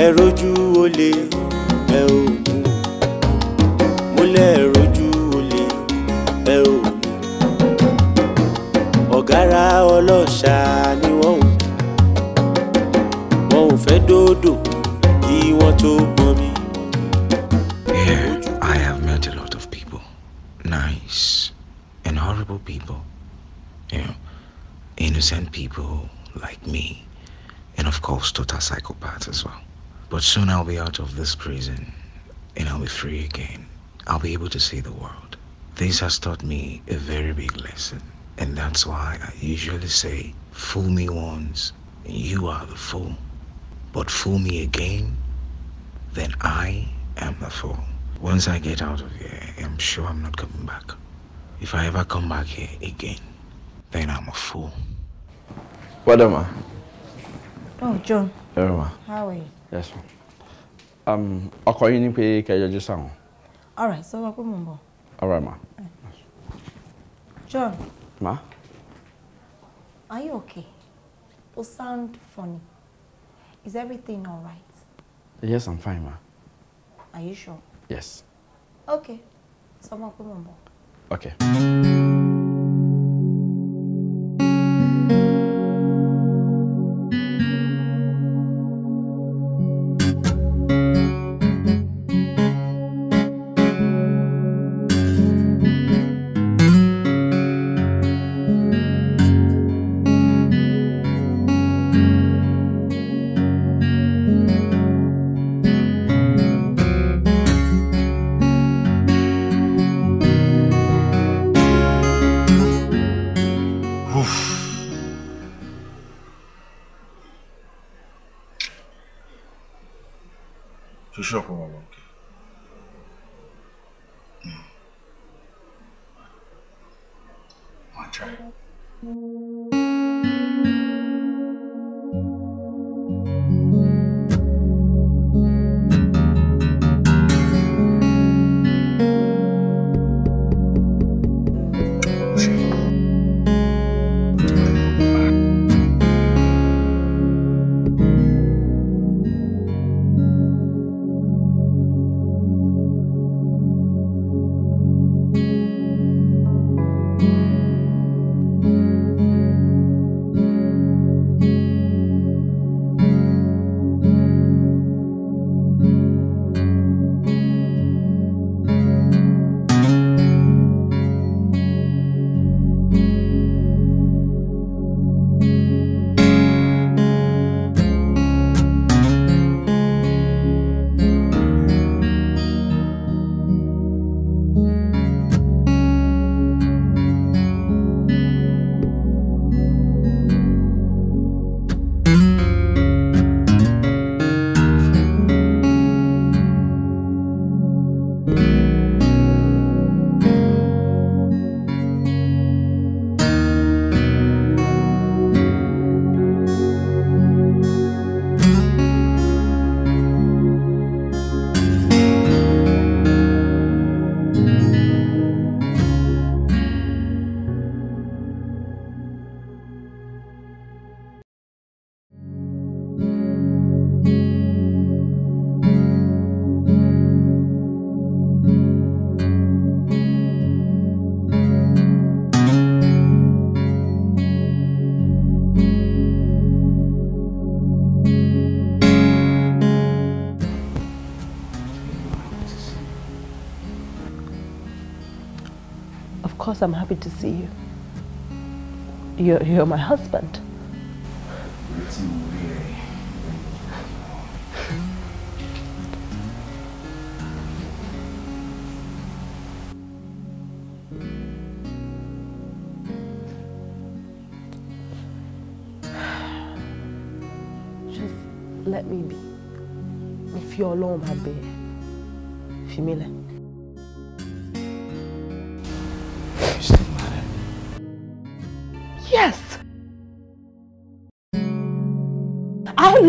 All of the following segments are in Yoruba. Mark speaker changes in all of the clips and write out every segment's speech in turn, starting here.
Speaker 1: olè mo lẹ olè mú ọ̀gára ọlọ́ṣà ni wọ́n wọn fẹ́ dòdò kí wọ́n tó gbọ́n mi.
Speaker 2: Here I have met a lot of people, nice and horrible people, you know, innocent people like me, and of course total psychopaths as well. But soon I'll be out of this prison and I'll be free again. I'll be able to see the world. This has taught me a very big lesson. And that's why I usually say, fool me once, you are the fool. But fool me again, then I am the fool. Once I get out of here, I'm sure I'm not coming back. If I ever come back here again, then I'm a fool. What am I?
Speaker 3: Oh, John. How are you?
Speaker 4: yes ma um, ọkọ yín ni pé kẹ́ yọjú sáwọn.
Speaker 3: all right sọ wọn pé mò ń bọ̀. all right ma. John. ma. are you okay? o sound funny. is everything all right?
Speaker 4: yes i'm fine ma. are you sure? yes.
Speaker 3: okay sọ wọn pé mò ń bọ̀.
Speaker 4: okay.
Speaker 3: I'm happy to see you. You're, you're my husband.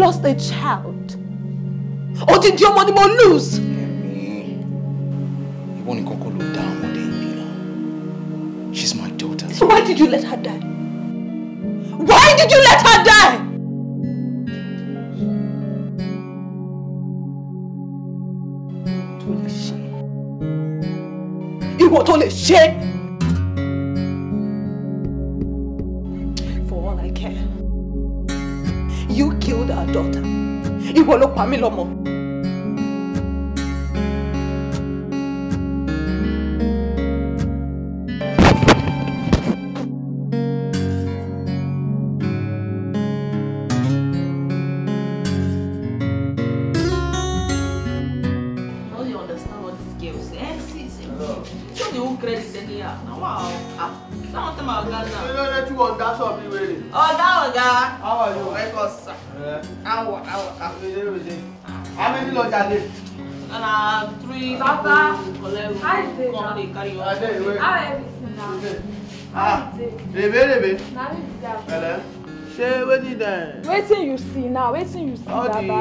Speaker 3: lost a child. or did your money mo lose. Kẹ́mi,
Speaker 2: ìwọ nìkan kọ́ ló dá àwọn
Speaker 3: She's my daughter. So why did you let her die? Why did you let her die?
Speaker 5: Tó lè ṣe. Ìwọ tó lè ṣe.
Speaker 3: killed our daughter ìwọ ló pa mí lọ́mọ.
Speaker 6: Ade. Na three Baba. eleven. Come dey carry your Ade wey. How everything na?
Speaker 5: Ah, rebe rebe.
Speaker 6: Na me be that. Hello.
Speaker 5: Ṣé wetin dem?
Speaker 6: Wetin you see now? Wetin you see, Baba?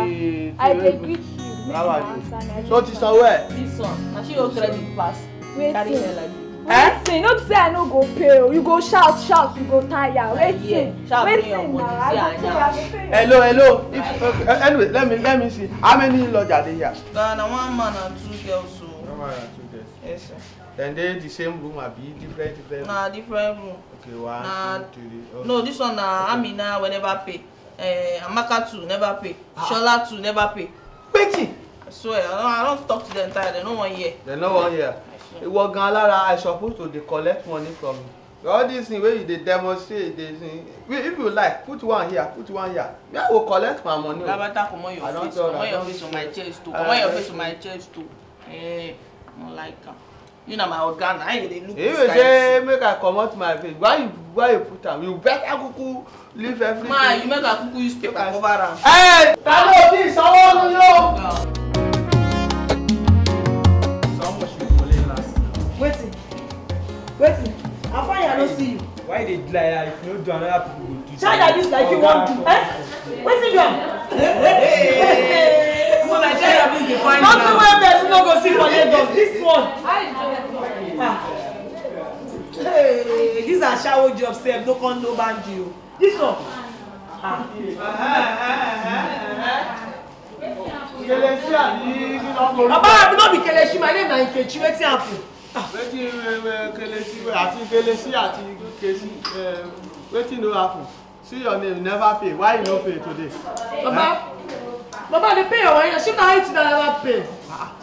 Speaker 5: I dey greet you. How are
Speaker 6: you? So ti sanwó ẹ̀? This one, na she go credit pass. Wetin? Carry her like this wetin eh? no be say i no go pay o you go shout shout you go tire wetin wetin na i go pay i go pay. hello hello if uh,
Speaker 5: uh, anyway let me let me see how many lodger they here.
Speaker 6: na na one man and two girls o. one man and two girls. yes sir.
Speaker 5: dem dey the same room abi different different. na
Speaker 6: different room.
Speaker 5: okay one na, two three. Okay. Oh. no this one
Speaker 6: na okay. amina wey never pay uh, amaka too never pay ah. shola too never pay. wetin. i swear i don't i don talk to them tire dem no wan hear. dem no wan hear ìwọ gan alára i suppose
Speaker 5: to dey collect money from you all this thing wey you dey demonstrate dey thing if you like put one here put one
Speaker 6: here me i go collect my money o labata comot your face comot your face oh. on my chest o oh. comot your face on my chest o eh no like am you na my oga na how you dey look this kind thing. if you say
Speaker 5: make i comot my face why you why you put am you better kuku leave everything. ma you make i kuku
Speaker 6: use paper cover am. ẹ ta ló fi ìsanwó nu yóò.
Speaker 5: no see you. why you dey lie if you no do another people go
Speaker 3: do. child like this like you wan do eh wetin do am.
Speaker 5: so nigeria bin dey find out. nothing
Speaker 3: wey person no go see for lagos this one.
Speaker 6: Ah.
Speaker 5: Hey, this na shawo job sef no come no banji o oh. this one. Ah.
Speaker 6: kelechi abi kí ló ń bọ̀.
Speaker 5: baba abi no be kelechi my name na nkechi wetin happen wetin eh, eh, kelesi àti kelesi àti kesi eh, wetin no happen see your name never pay why you no pay today. baba baba dey pay your wayan see na eighty naira pay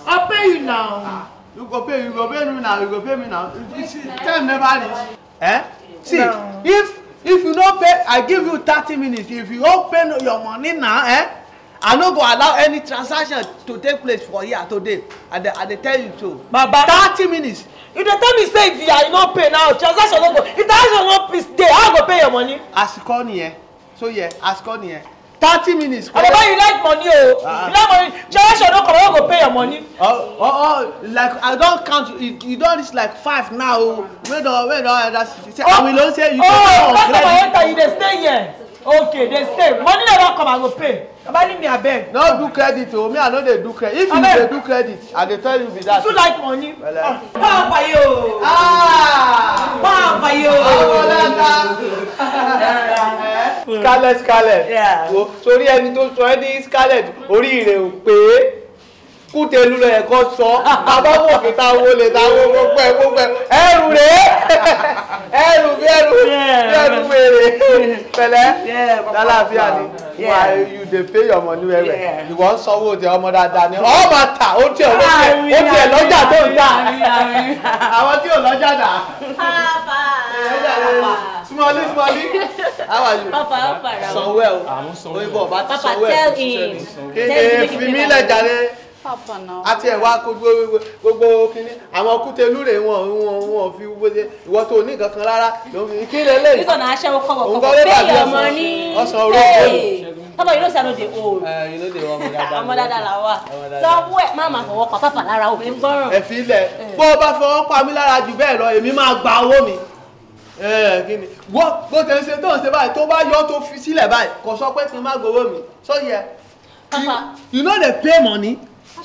Speaker 5: i pay you now. you go pay you go pay me now you go pay me now you see time never reach. Eh? see no. if if you no pay i give you thirty minutes if you no pay your money now eh, i no go allow any transaction to take place for here today i dey i dey tell you so. baba thirty minutes. you dey tell me say if you no pay now transaction no go if transaction no dey how i go pay your money. àsìkò nìyẹn eh? so yẹ àsìkò nìyẹn thirty minutes. Ababa you like money o. Oh? you ah, ah. like money. Transaction no come, I go pay your money. Oh, oh, oh, like I don count, you, you don reach like five now o. Oh. Wey don, wey don, that's, say, oh, I will don say you go pay on credit. customer enter, you dey stay here okay they stay money never come i will pay baba me a abeg. no do credit Oh, me i know they do credit if you dey do credit i dey tell you be that. you too like money. papa yo.
Speaker 7: papa yo.
Speaker 5: scarlet scarlet. sorry, I need to ẹ ní scarlet oríire ò pay kútẹlú lọ ẹ̀kọ́ sọ àbáwọ̀ kí ta wo lè ta wo gbogbo ẹ̀ gbogbo ẹ̀ ẹrù rè é ẹrù bí ẹrù bí ẹrù wèrè pẹ̀lẹ́ lálàáfíà ni wà you dey pay your money well well ìwọ ń sanwó ti ọmọ dáadáa ni ọ máa tà ó tiẹ̀ ó tiẹ̀ ó tiẹ̀ lọ́jà tó ń tà
Speaker 6: àwọn tí ò lọ́jà dà smally smally how are you papa how sanwó ẹ o
Speaker 5: òyìnbó ọba ti sanwó ẹ kí ni fi mí lẹ̀ jáde àti ẹ̀wà kojú gbogbo kínní àwọn kútelú rè wọn wọn fi wọ́n ṣe ìwọ tó
Speaker 6: ní nǹkan rárá kí lè lè òun kọ́ lè bàbí ọmọ ní ọ̀sán orógbó papa you know say i no dey old you no dey old ọmọ dada la wa sanwó ẹ má máa fọwọ́
Speaker 5: pa papa lára òun gbọ́ràn. ẹ fi ilẹ̀ bó o bá fọwọ́ pa mí lára jù bẹ́ẹ̀ lọ èmi máa gba owó mi kíni wọ́n bó tẹ̀ ń ṣe tó ń ṣe báyìí tó bá yọ tó fi sílẹ̀ báyìí kò sọ pé kí n má gbowó mi sọ yẹ. papa you no dey pay money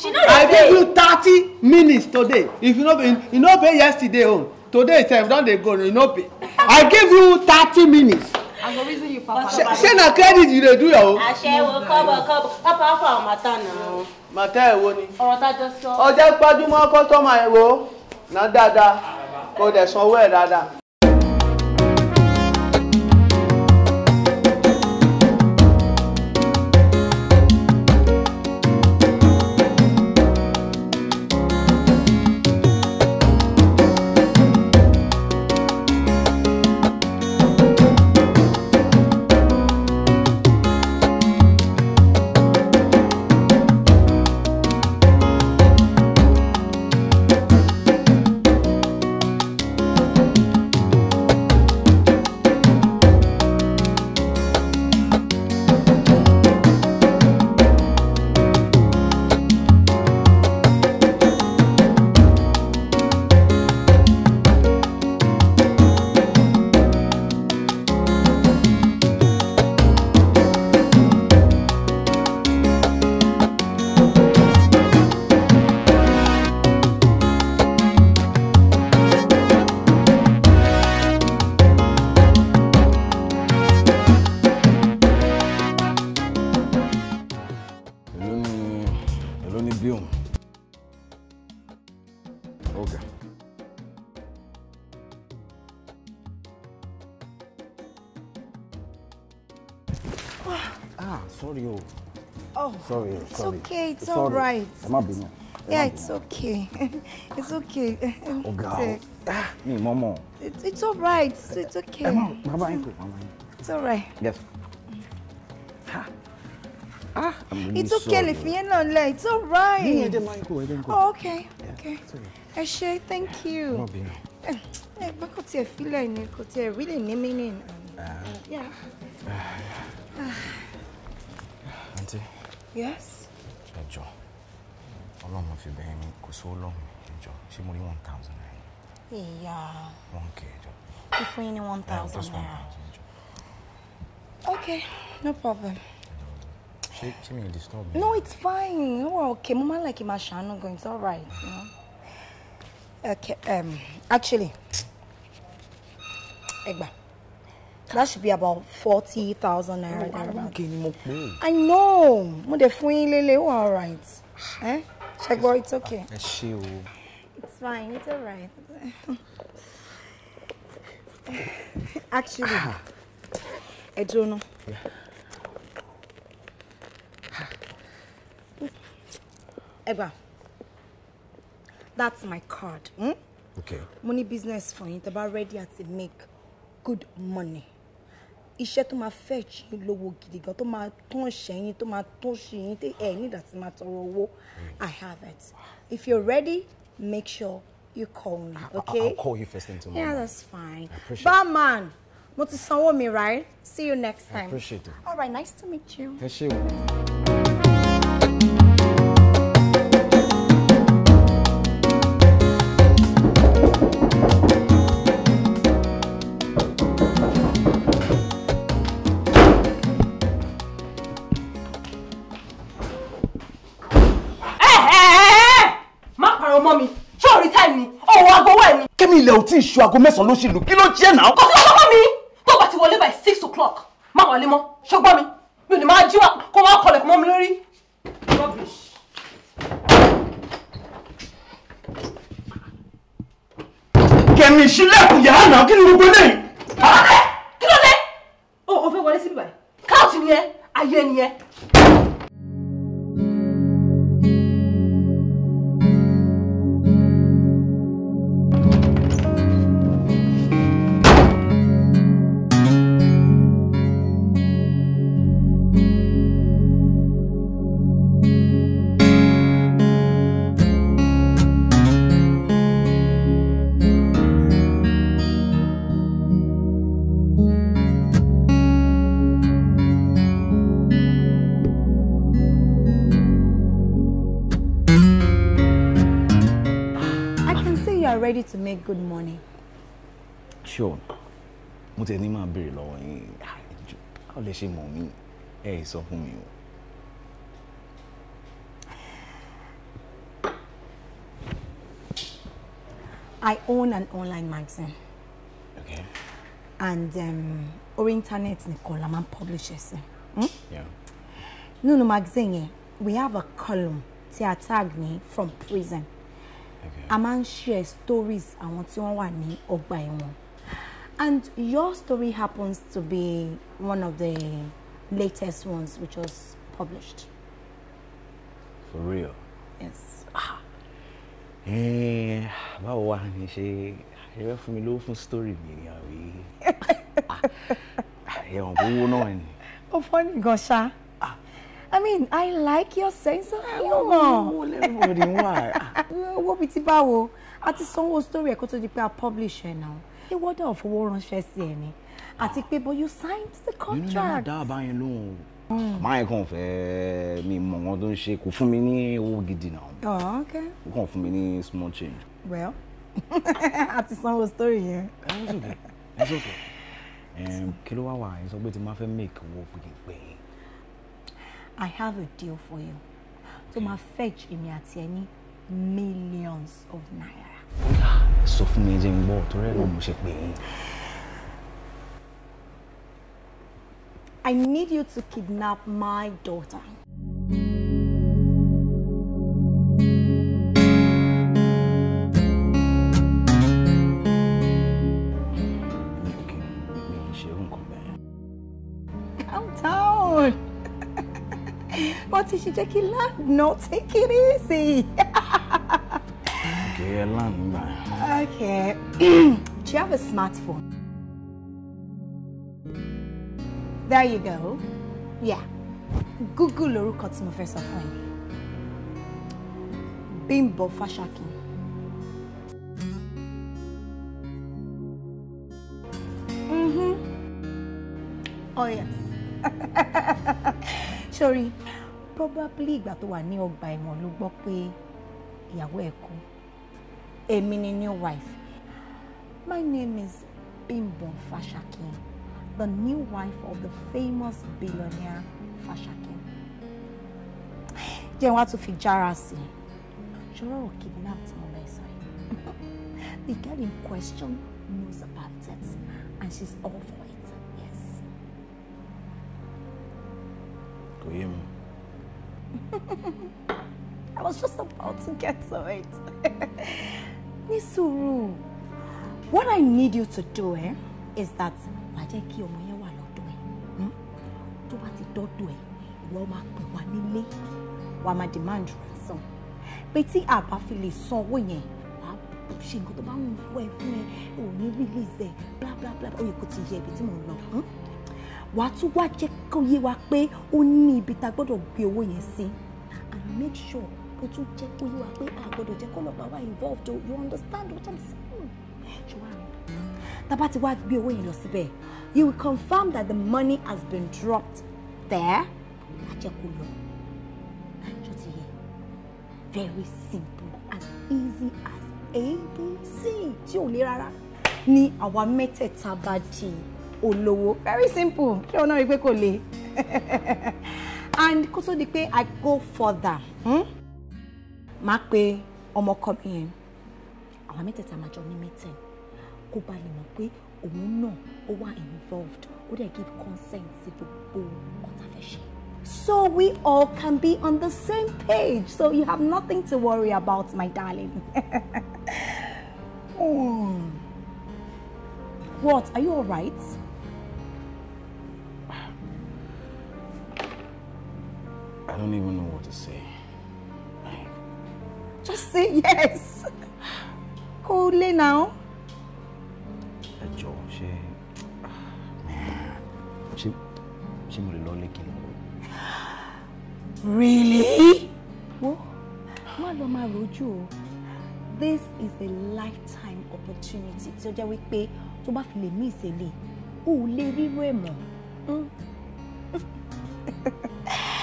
Speaker 5: i give you thirty minutes today if you no pay you no pay yesterday own oh. today sef don dey go you no pay i give you thirty minutes
Speaker 6: i go reason you papa shey na credit
Speaker 5: you dey do your own.
Speaker 6: àṣẹwò kọ́bọ̀ kọ́bọ̀ pápá fún àwọn màtá náà. màtá ẹ̀ wo ni. ọ̀rọ̀ tá a jọ sọ.
Speaker 5: ọjọ́ gbajúmọ̀ kọ́tọ́mà ẹ̀ wo ná dáadáa kó dẹ̀ sanwó ẹ̀ dáadáa.
Speaker 2: It's all right. Ẹ má bínú.
Speaker 3: Yeah, it's okay. it's okay. Oh God. Ah, me, momo. It's It's all right. It's okay. Ẹ má bàbá yín kò mama It's all right. Yes. Ha. Ah, really it's okay, sorry. you're not late. It's all right. Mi ẹ̀dẹ̀ máa ń kó ẹ̀dẹ̀ ń kó. Oh, okay. Yeah. Okay. Ẹ ṣé, thank you. Ẹ má bínú. Ẹ gbọ́ kò tiẹ̀ fílẹ̀ ni kò tiẹ̀ really ní it. Ah. Yeah. Auntie. Yes
Speaker 2: ẹjọ Ọlọ́run fi bẹ̀yìn mi kò sówó lọ́hùn ẹjọ ṣé mo rí one thousand naira. ìyá one k ẹjọ.
Speaker 3: fífún yín ní one thousand naira. okay no problem.
Speaker 2: ṣé ṣé mi disturb me.
Speaker 3: no it's fine no we're okay mo máa ń like ma ṣàánú gan it's alright. You okay um, actually ẹ That should be about forty thousand naira. Oh, Aláǹkè ni mo pè é. I know, mo dẹ̀ fún yín lélẹ̀, ó all right. Ṣé gbọ́, eh? it's okay.
Speaker 2: Ẹ ṣé o.
Speaker 3: It's fine, it's all right. Actually, ẹ dúró ná. Ẹgbà, that's my card. Hmm? Okay. Money business fún yín, tẹ́ bá ready to make good money iṣẹ́ tó máa fẹ́ jí lówó gidi gan tó máa tán ṣẹ́yìn tó máa tán ṣẹ́yìn tẹ ẹ nígbà tí máa tọrọ owó i have it if you're ready make sure you call me okay. i'll call
Speaker 2: you first thing tomorrow. yeah that's
Speaker 3: fine. barman mo ti sanwó mi right see you next time. i appreciate it. all right nice to meet you.
Speaker 4: ẹ ṣé o.
Speaker 2: ilẹ̀ ò tí ì ṣú aago mẹ́sàn-án ló ṣì lù kí ló
Speaker 6: jẹ́ náà. kò sí ọlọ́wọ́ mi tó bá ti wọlé by six o'clock má wọlé mọ́ ṣọgbọ́n mi mi ò ní máa jí wa kó wá kọlẹ̀ mọ́ mi lórí. rubbish.
Speaker 5: kẹ̀mí ìṣílẹ̀kùn yàrá náà kí ni
Speaker 6: gbogbo lẹ́yìn. kí ló dé kí ló dé. o ò fẹ́ wọlé síbí báyìí káàtì nìyẹn ayé nìyẹn
Speaker 3: good morning.
Speaker 2: sure mo tẹ ní máa béèrè lọ́wọ́ yín how lè ṣe mọ̀ mí ẹ ẹ sọ fún mi o.
Speaker 3: I own an online magazine. Okay. And um, orí internet nìkan la máa ń publish ẹ̀ sí. Hmm? Nínú magazine we have a column tí a tag ní from prison a man share stories àwọn tí wọ́n wà ní ọgbà ẹ̀wọ̀n and your story happens to be one of the latest ones which was published. for real. yes.
Speaker 2: Eh, báwo wá ni ṣe ẹ̀rẹ́ fún mi lówó fún story mi ni àbí ah, ẹ̀wọ̀n gbowó náà ni.
Speaker 3: ó fọ́ nìkan ṣá. Ah. I mean, I like your sense of eh, humor. Oh, everybody, why? owó bíi ti báwo a ti story ẹ̀ kó tó di pé a publish ẹ̀ náà ṣé wọ́dọ̀ fowó ránṣẹ́ sí ẹ ni àti pé but you signed the contract. nínú ìyá dábàá yẹn lóhùn hmm.
Speaker 2: máa kàn fẹ́ mi mọ̀ wọn tó ń ṣe kò fún mi ní owó gidi náà
Speaker 3: oh, ó kàn
Speaker 2: fún mi ní small change.
Speaker 3: well a ti sanwó story yẹn. that's eh, okay
Speaker 2: that's okay kí ló wá wà ẹ sọ pé tí máa fẹ́ make owó pé.
Speaker 3: I have a deal for you tó máa fetch èmi àti ẹni millions of naira.
Speaker 2: sọ fún mi jẹ́ ń gbọ́ torí ẹ̀ náà mo ṣe pè
Speaker 3: I need you to kidnap my daughter. What is she taking? No, take it easy.
Speaker 2: Okay.
Speaker 3: Do you have a smartphone? There you go. Yeah. Google lorúkọ tí mo fẹ́ sọ Bimbo yín. Bímbọ́ Fáṣákin. Mm-hmm. Oh yes. Sorry. Probably ìgbà one wà buy ọgbà ẹ̀wọ̀n ló gbọ́ pé ìyàwó A mini new wife my name is Bimbo Fashakin the new wife of the famous billionaire Fashakin jẹ́ wá to fi jára sí i the girl in question knows about it and she's all for it yes. kò I was just about to get to it. Nisuru, what I need you to do eh, is that wàá jẹ́ kí ọmọ yẹn wà lọ́dọ̀ ẹ̀ hmm? tó bá ti dọ́dọ̀ ẹ̀ ìwọ máa pè wá nílé wàá máa demand ransom pé tí àbá fi lè san owó yẹn wàá ṣe nǹkan tó bá ń wọ ẹ fún ẹ ò ní release ẹ bla bla bla ó yẹ kó ti yẹ ibi tí mò ń lọ hmm? wàá tún wá jẹ́ kó yé wa pé ó ní ibi tá a gbọ́dọ̀ gbé owó yẹn sí and make sure ó tún jẹ́ kó yé wa pé a jẹ́ kọ́lọ́pàá wà involved o you understand what i'm saying. ṣùgbọ́n tábà ti wá gbé owó yẹn lọ síbẹ̀ you will confirm that the money has been dropped there ajẹ́kù lọ. ṣó ti yẹ very simple as easy as abc tí ò le rárá ni àwa mẹ́tẹ̀ẹ̀ta bá di olówó very simple ṣé o náà rí i pé kò le and kó tó di pé i go further. Hmm? máa pe ọmọ ọkọ mi yẹn àwọn mẹ́tẹ̀ẹ̀ta máa jọ ní meeting kó ba lè mọ̀ pé òun náà ó wà involved ó dẹ̀ give consent sí gbogbo ọ̀tá fẹ́ ṣe. So we all can be on the same page so you have nothing to worry about my darling. oh. What? Are you all right?
Speaker 2: I don't even know what to say
Speaker 3: sí yes coolly now. náà.
Speaker 2: ẹ she. ṣe ṣe ṣe mo lè lọ
Speaker 8: really. What? má lọ máa rojú
Speaker 3: this is a lifetime opportunity So ó jẹ́ wípé To bá fi lè mí ìṣẹ̀lẹ̀ o ò lè mm.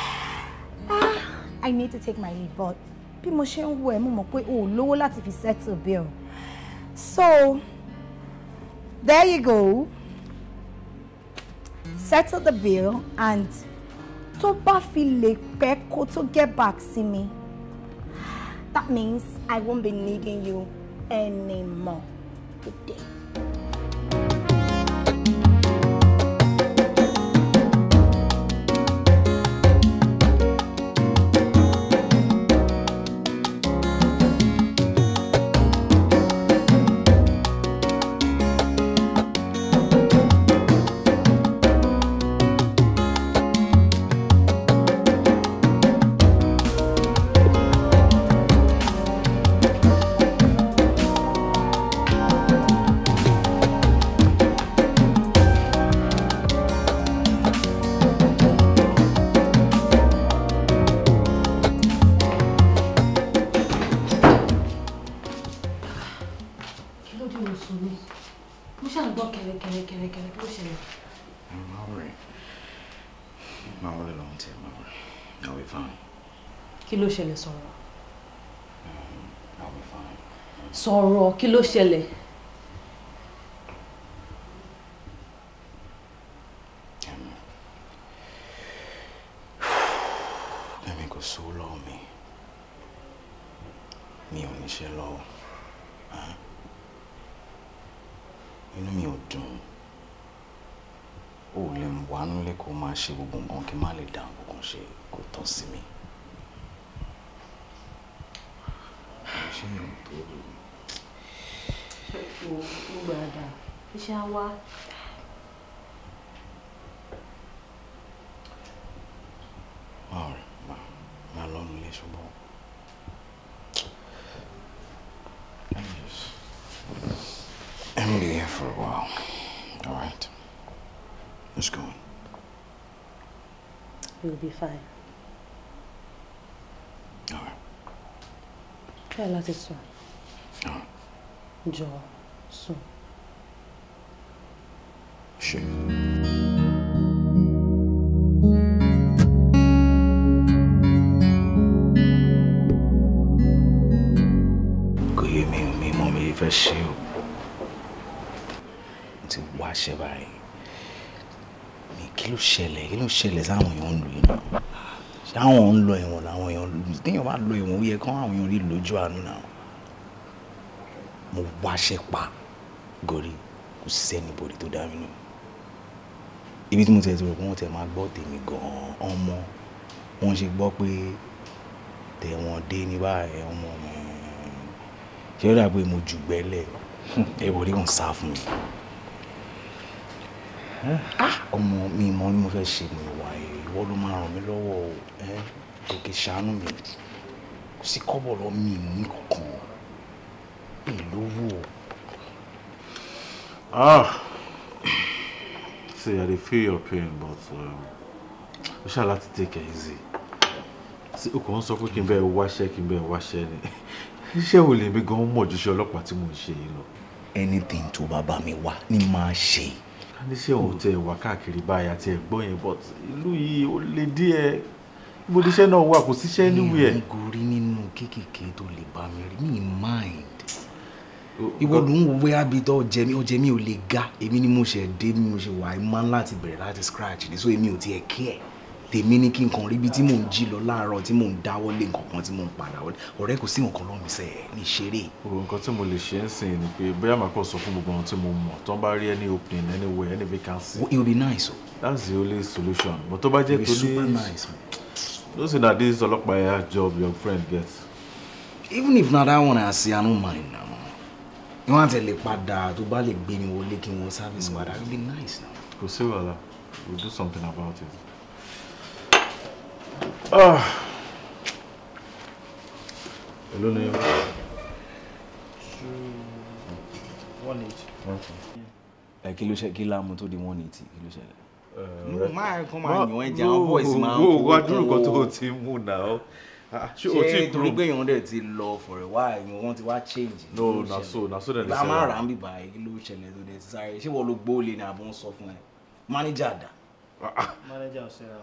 Speaker 3: ah, I need to take my leave, but bí mo ṣe ń wo ẹ mo mọ̀ pé o ò lówó láti fi settle bill so there you go settle the bill and tó bá fi lè pẹ́ kó tó get back sí mi that means I won't be needing you anymore today.
Speaker 8: ló ṣẹlẹ̀ sọ̀rọ̀ um, sọ̀rọ̀ kí ló ṣẹlẹ̀.
Speaker 2: bẹ́ẹ̀ni um, kò sówó lọ́wọ́ mi mi ò níṣẹ́ lọ́wọ́ ah, inú mi ò dùn ó lè wà nílé kó máa ṣe gbogbo nǹkan kí n má lè dá nǹkan ṣe kó tán sí mi. ilé ṣùgbọ́n. I'm gonna be here for a while. All right. Let's go.
Speaker 8: You'll be fine. All right. try láti sùn ah. jọ sùn. ṣe.
Speaker 2: kò yé mi mi mọ mi fẹ́ ṣe o ti wá ṣe báyìí kí ló ṣẹlẹ̀ kí ló ṣẹlẹ̀ sáwọn èèyàn ń lù yín náà ṣáwọn ń lọ ẹ̀wọ̀n làwọn èèyàn téèyàn bá lọ ẹ̀wọ̀n ó yẹ kán àwọn èèyàn rí lójú àánú náà mo wáṣẹ pa gòrí kò sẹ́ni bòrí tó dá mi nù ibi tí mo tẹ̀ ti rò pé wọ́n tẹ̀ máa gbọ́ tèmi gan-an ọmọ wọ́n ṣe gbọ́ pé tẹ̀wọ̀n dé ní báyìí ọmọ mi ṣé ó dà pé mo jù gbẹ́lẹ̀ ẹ̀wọ̀n rí wọn sá fún mi ah, ọmọ mi mọ́ ni mo fẹ́ ṣe mi wáyé ìwọ ló máa ràn mí lọ́wọ́ o ẹ ṣàánú mi kò sí kọ́bọ̀ lọ mi ní kankan pè ah see i dey feel your pain but um, o ṣáà láti take it easy sí òkò ń sọ pé kí n bẹ́ẹ̀ wáṣẹ́ kí n bẹ́ẹ̀ wáṣẹ́ ni iṣẹ́ wo lèmi gan-an mọ̀ ju iṣẹ́ ọlọ́pàá tí mò ń ṣe yìí lọ. anything tó bá bá mi wá ni màá ṣe níṣẹ́ òun tẹ wà káàkiri báyà tẹ gbọ́ yẹn but
Speaker 5: ìlú yìí ó lè
Speaker 2: díẹ̀ ibo níṣẹ́ náà wà kò síṣẹ́ níwèé ẹ̀. mi ò gorí nínú kéékèèké tó lè bá mi rí mi mind ìwọ ló ń wẹ abidọ ọjẹ mi ọjẹ mi ò lè ga èmi ni mo ṣe dé mi mo ṣe wà á máa ń láti bẹ̀rẹ̀ láti scratch ní so èmi ò tiẹ̀ kí ẹ̀ tèmi ní kí n kàn ríbi tí mò ń jí lọ láàárọ̀ tí mò ń dáwọ́ lé nǹkan tí mò ń padà wọlé ọ̀rẹ́ kò sí nǹkan lọ́mí sẹ́ ní ìṣeré. gbogbo nǹkan tí mo lè ṣe ń sìn ni pé bóyá màá kàn sọ fún gbogbo àwọn tí mo mọ̀ tó bá rí any opening anywhere any vacancy. it would be nice o. that's the only solution but tó bá jẹ́ tó ní those na this ọlọ́pàá job your friend get. even if na that one i see i no mind na ni wọn àtẹlẹ padà tó bá lè gbé mi wọlé kí wọn service padà it would be nice na. kò sí wàhálà We'll do something about it. Ah. Hello, ni Two, One eighty. One. Eh, kí ló ṣe kí láàmú tó di one eighty kí ló ṣẹlẹ̀? Eh, máa kàn máa yàn ẹja, àwọn boys máa ń fowó. Wo adúrú kan tó now? mú náà? Oh. Ah, ah, ṣé torí pé èèyàn dẹ̀ ti lọ for a while You want ti wá change. no na so na so dẹ̀ ní sẹ́yìn. ìgbà máa rà ń bì báyìí ló ṣẹlẹ̀ tó dẹ̀ sáré ṣé wọ́n ló gbó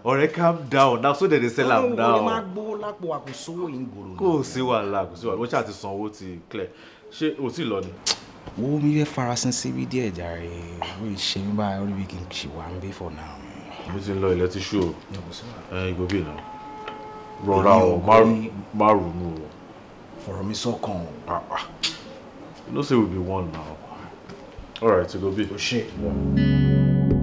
Speaker 2: ọ̀rẹ́ calm down Now, so they dey sell am now. ọlọ́run ò ní máa gbowó lápò wa kò sówó ìgboro. kò sí wàhálà kò sí wàhálà wọ́n ṣáà ti sanwó ti clear ṣé o ti lọ ni. wo mi fẹ́ farasin síbi díẹ̀ jàre ó ń ṣe mí báyìí orí bí kì í ṣe wà ń bí for now. mo ti ń lọ ilẹ̀ ti ṣú o ìgbòbí náà rọra o má ronú o. fọ̀rọ̀ mi sọ́kàn o. you ah, ah. say we be one now. all right ìgbòbí. o oh, ṣe. Yeah.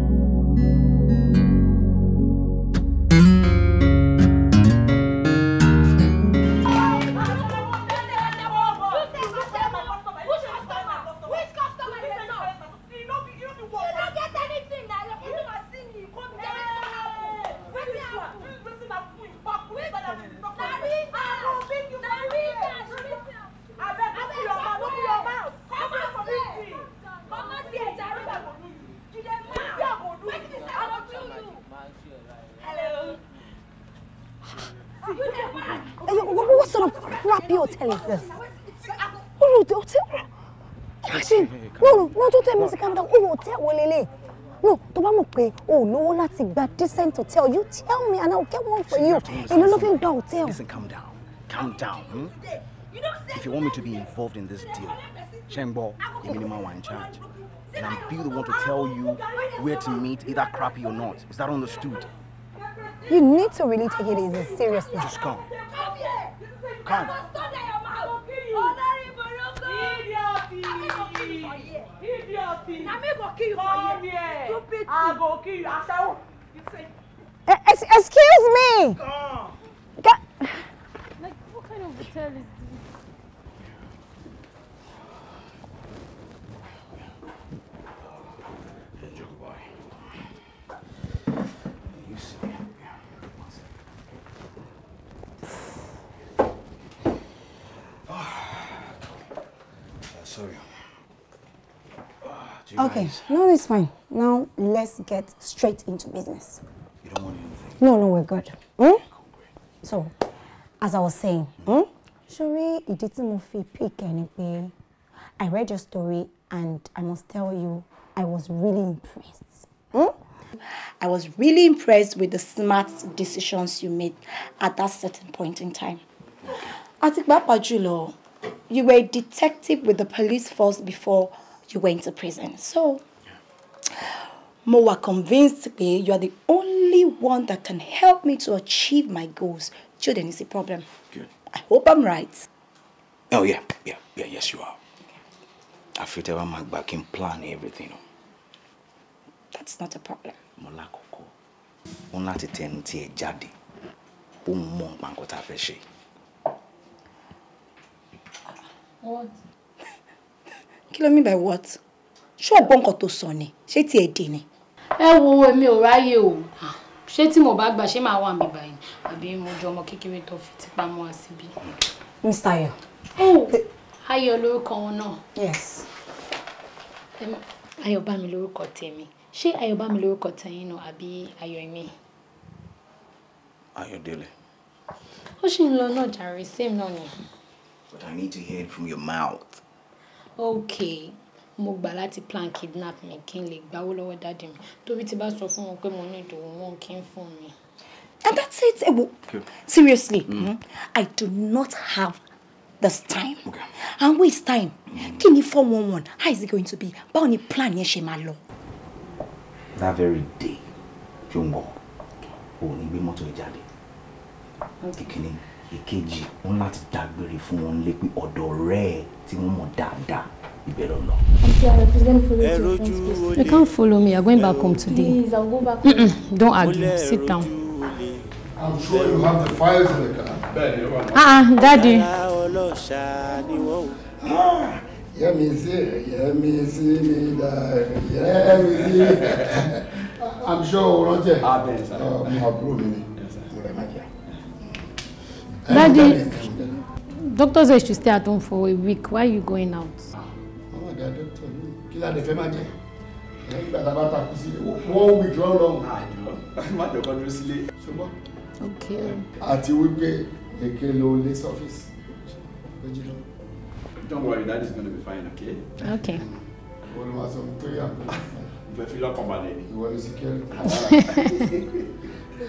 Speaker 3: láti gba decent hotel you tell me and i will get one for so you èló ló you ń gba hotel. listen calm down
Speaker 2: calm down hmm? if you want me to be involved in this deal shengbo èmi ni ma in charge and i'm be the one to tell you where to meet either crappy or not is that understood.
Speaker 3: you need to really take it easy seriously. just come
Speaker 6: come. Excuse me.
Speaker 8: Like, what kind of hotel is
Speaker 3: Okay, now no, it's fine. Now let's get straight into business. You don't want anything? No, no, we're good. Hmm? So, as I was saying, hmm? Ṣorí ìdí tí mo pick ẹ I read your story and I must tell you I was really impressed. Hmm? I was really impressed with the smart decisions you made at that certain point in time. Àti pàápàá jùlọ, you were a detective with the police force before you went to prison. So, mo wà convinced me you are the only one that can help me to achieve my goals. Children is a problem. Good. I hope I'm right.
Speaker 2: Oh yeah, yeah, yeah, yes you are. I feel that my back can plan everything.
Speaker 3: That's not a problem.
Speaker 2: Mo lákòókò. Mo láti tẹnu tí ẹ jáde.
Speaker 8: What? kí ló mean by what ṣé ọgbọ́n nǹkan tó sọ ni ṣé ti ẹ̀ dè ni. ẹ wo èmi ò ráyè o ṣé tí mo bá gbà ṣé màá wà mí báyìí àbí mo jọ ọmọ kékeré tó fi tipa mọ́ wa síbí. mr ayo. oh Ayo lórúkọ wọn náà. yes. Ayo bá mi lórúkọ tèmi ṣé ayọ̀ bá mi lórúkọ tẹ̀yìn nù àbí ayọ̀ mi. ayọ̀délé. ó ṣì ń lọ náà jàre same náà ni.
Speaker 2: but i need to hear it from your mouth
Speaker 8: ok mo gbà láti plan kidnap mi kí n lè gbáwó lọ́wọ́ dáàdì mi torí tí bá sọ fún wọn pé mo ní ìdòwò wọn kí n fún mi. and that's
Speaker 3: it ewo okay. seriously mm. Mm, i do not have this time okay. and waste time mm. kí ni four one one how is it going to be báwo ni plan yẹn ṣe máa lọ.
Speaker 2: that very day ṣó ń bọ̀ òun ní gbé mọ́tò ìjáde ìkíní. Okay ìkejì wọn láti dágbére fún wọn lé pé ọ̀dọ̀ rẹ̀ tí wọ́n mọ̀ dáadáa ibẹ̀ lọ lọ. You can't follow me. I'm going back home today. Mm -mm, don't argue. Sit down.
Speaker 9: I'm sure you have the files in the car. Ah, uh -uh, daddy. Ah, Yẹ́misí, Yẹ́misí mi dá, Yẹ́misí. I'm sure o rántí ẹ̀. Ọmọ ah, oh, àbúrò mi ni.
Speaker 8: Daddy, doctor says you stay at home for a week. Why are you going out?
Speaker 9: Mama, the doctor, kí la dé fẹ́ máa jẹ? Nígbà tá a bá takú sílé, wọ́n wí jọ́ lọ́rùn. Àjọ, má jọ kọ́ dúró sílé. Ṣùgbọ́n. Ok. Àti wípé èké ló lé sọ́fíìsì. Don't worry, daddy's gonna be fine, okay? Okay. Olúwa sọ pé àpò ìfẹ́ fi lọ́kàn balẹ̀ ni.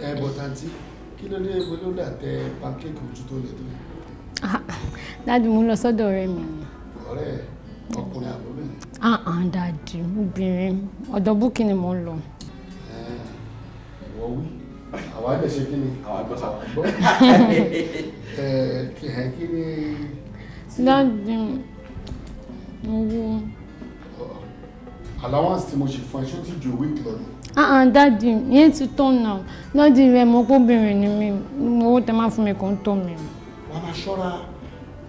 Speaker 9: Ìwọ kí ló dé epo ló dà tẹ pancake ojú tó lè tó.
Speaker 8: Ah, dájú mo ń lọ sọ́dọ̀ ọ̀rẹ́ mi ni.
Speaker 9: ọ̀rẹ́ ọkùnrin àbúrò.
Speaker 8: àhàn dájú obìnrin ọ̀dọ̀ búkì ni mo ń lọ.
Speaker 9: ìwọ wí àwa dẹ̀ ṣe kí ni àwa gbọ́ sáwọn gbọ́. kí ẹ kí ni.
Speaker 8: dájú owó.
Speaker 9: allowance tí mo ṣe fún ẹ ṣó ti ju week lọ́dún
Speaker 8: ah, ah dadi yẹn ti tọ́ náà dadi rẹ mo kó bìnrin ni mi owó tẹ máa fún mi kò ń tọ́ mi.
Speaker 9: wàá máa ṣọ́ra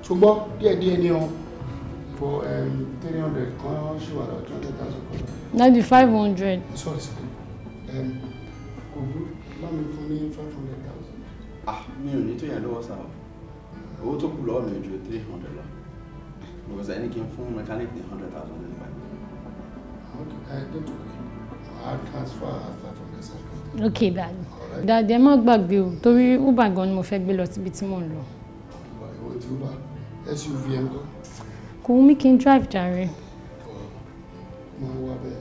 Speaker 9: ṣùgbọ́n díẹ̀ díẹ̀ ni o for um, three hundred kan ṣì wà lọ two hundred thousand kan.
Speaker 8: dadi five hundred. sorry sorry
Speaker 9: um, kò burú bá mi fún ní five hundred thousand.
Speaker 4: ah mi ò ní tó yẹn lọ́wọ́ sáà owó tó kù lọ́wọ́ mi ju three hundred lọ because ẹni kí n fún mechanic ní hundred thousand nípa.
Speaker 9: okay ẹ dẹ́tọ̀ pé. I
Speaker 8: Okay, dad. Right. Dad, ẹ má gbàgbé o, torí Uber gan ni mo fẹ́ gbé lọ síbi tí mò ń lọ. Ìwọ ń mí kí n drive jàre.
Speaker 9: Mo wá bẹ́ẹ̀.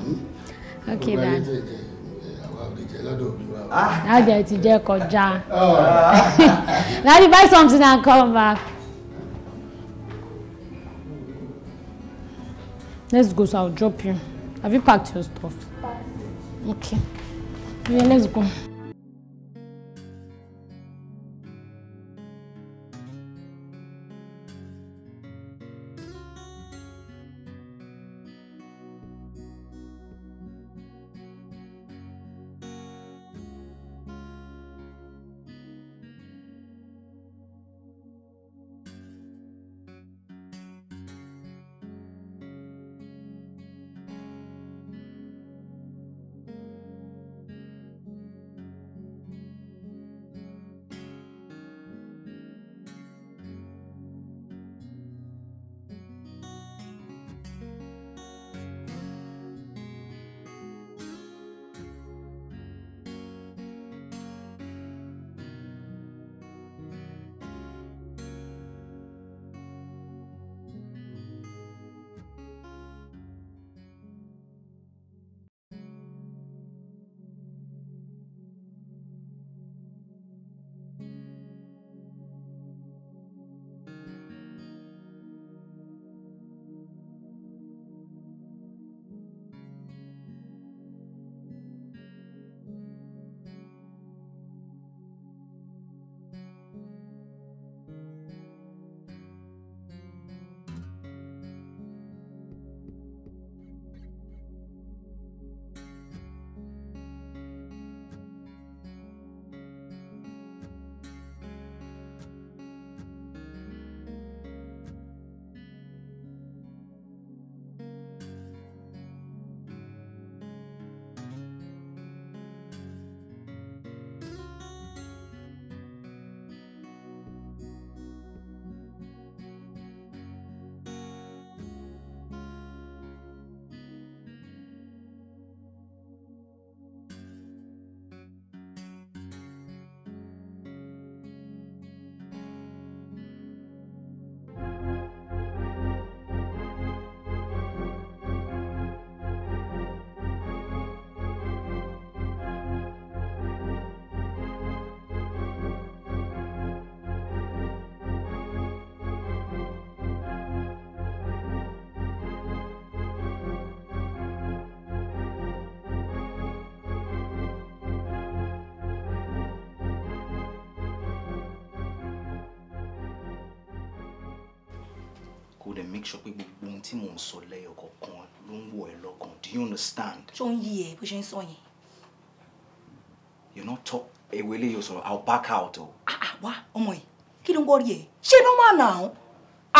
Speaker 9: Okay, dad. Now that ti jẹ́
Speaker 8: Now you buy something and come back. Let's go, so I'll drop you. Have you packed your stuff? Okay. Yeah, let's go.
Speaker 2: make sure pé gbogbo ohun tí mò ń sọ lẹ́yọ kọ̀ọ̀kan ló ń wọ̀ ẹ́ lọ́kàn do you understand.
Speaker 3: ṣó ń yí ẹ bó ṣe ń sọ yẹn.
Speaker 2: you no talk ewu eléyìí o sọ̀rọ̀ i'll back out o. Ah, ah,
Speaker 8: wá ọmọ yìí kí ló ń wọrí ẹ ṣé ló máa nà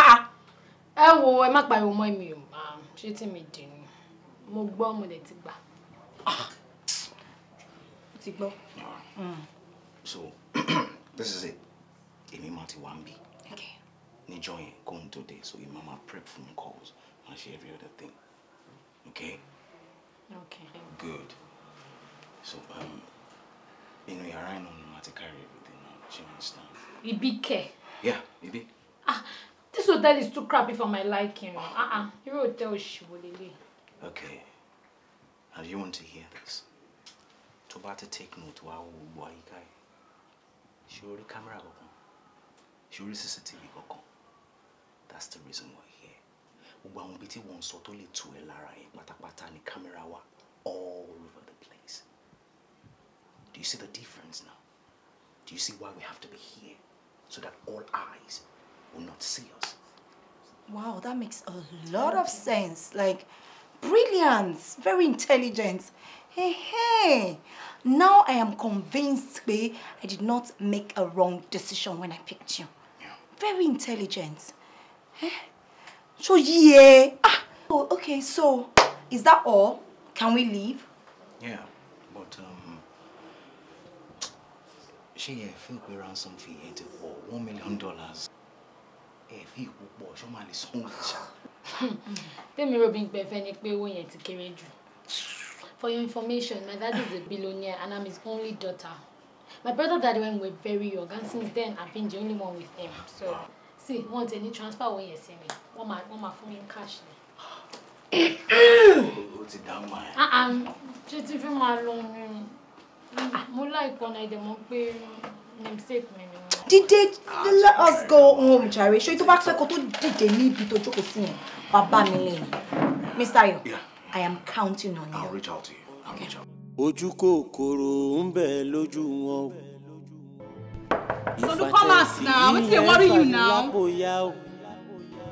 Speaker 8: án. ẹ wo ẹ má pariwo mọ́ mi o ah, ṣé tí mi dì ní mo gbọ́ mo dẹ̀ ti gbà. mo ti gbọ́.
Speaker 3: Hmm.
Speaker 2: so this is it èmi máa ti wá ń bì níjọ́ yẹn kóhun tó so ìmọ̀ máa prep phone calls máa ṣe every other thing okay. okay. good so um, inú yàrá iná ni màá ti carry everything now she understand. be care. yeah be. ah
Speaker 8: this hotel is too crappy for my liking Uh uh, your hotel is lélẹ̀.
Speaker 2: okay and you want to hear this To bá to take note wá wo gbogbo àyíká yìí ṣé o rí kámẹ́rà kankan ṣé cctv kankan. that's the reason we're here gbogbo àwọn wọ́n ń tó lè tù ẹ́ pátápátá ni wà all over the place do you see the difference now do you see why we have to be here so that all eyes will not see us.
Speaker 3: wow that makes a lot of sense like brilliance, very intelligent hey hey now i am convinced pé i did not make a wrong decision when i picked you yeah. very intelligent. So yeah. ah oh, okay so is that all can we leave.
Speaker 2: yeah but um, ṣé yẹ fi pé ransom fee yẹn ti pọ̀ one million dollars If he ìpò pọ̀ ṣó máa lè sanwó ìjà.
Speaker 8: tèmi robin gbẹfẹ ni pé owó yẹn ti kéré For your information, my dad is a billionaire and I'm his only daughter. My brother died when we were very young, and since then I've been the only one with him. So sí wọn tẹ ní transfer owó yẹn sí mi wọn máa wọn máa fún mi cash ni.
Speaker 2: o ti dá mọ ẹ.
Speaker 8: Ah, ah, ṣé tí fi máa lọ ah, mo láìpọ̀ náà ẹ̀dẹ̀ mọ́ pé namesake mi ni
Speaker 3: wọn. dídé let us go home jàre ṣé tó bá fẹ́ kó tó dìde níbi tó jókòó sí yẹn bàbá mi lè Mr. Ayo I am counting on you. I'll reach out to you. okay. reach
Speaker 1: ojú kòkòrò ń bẹ lójú wọn o So do commerce now. Wetin dey worry you now? Oh.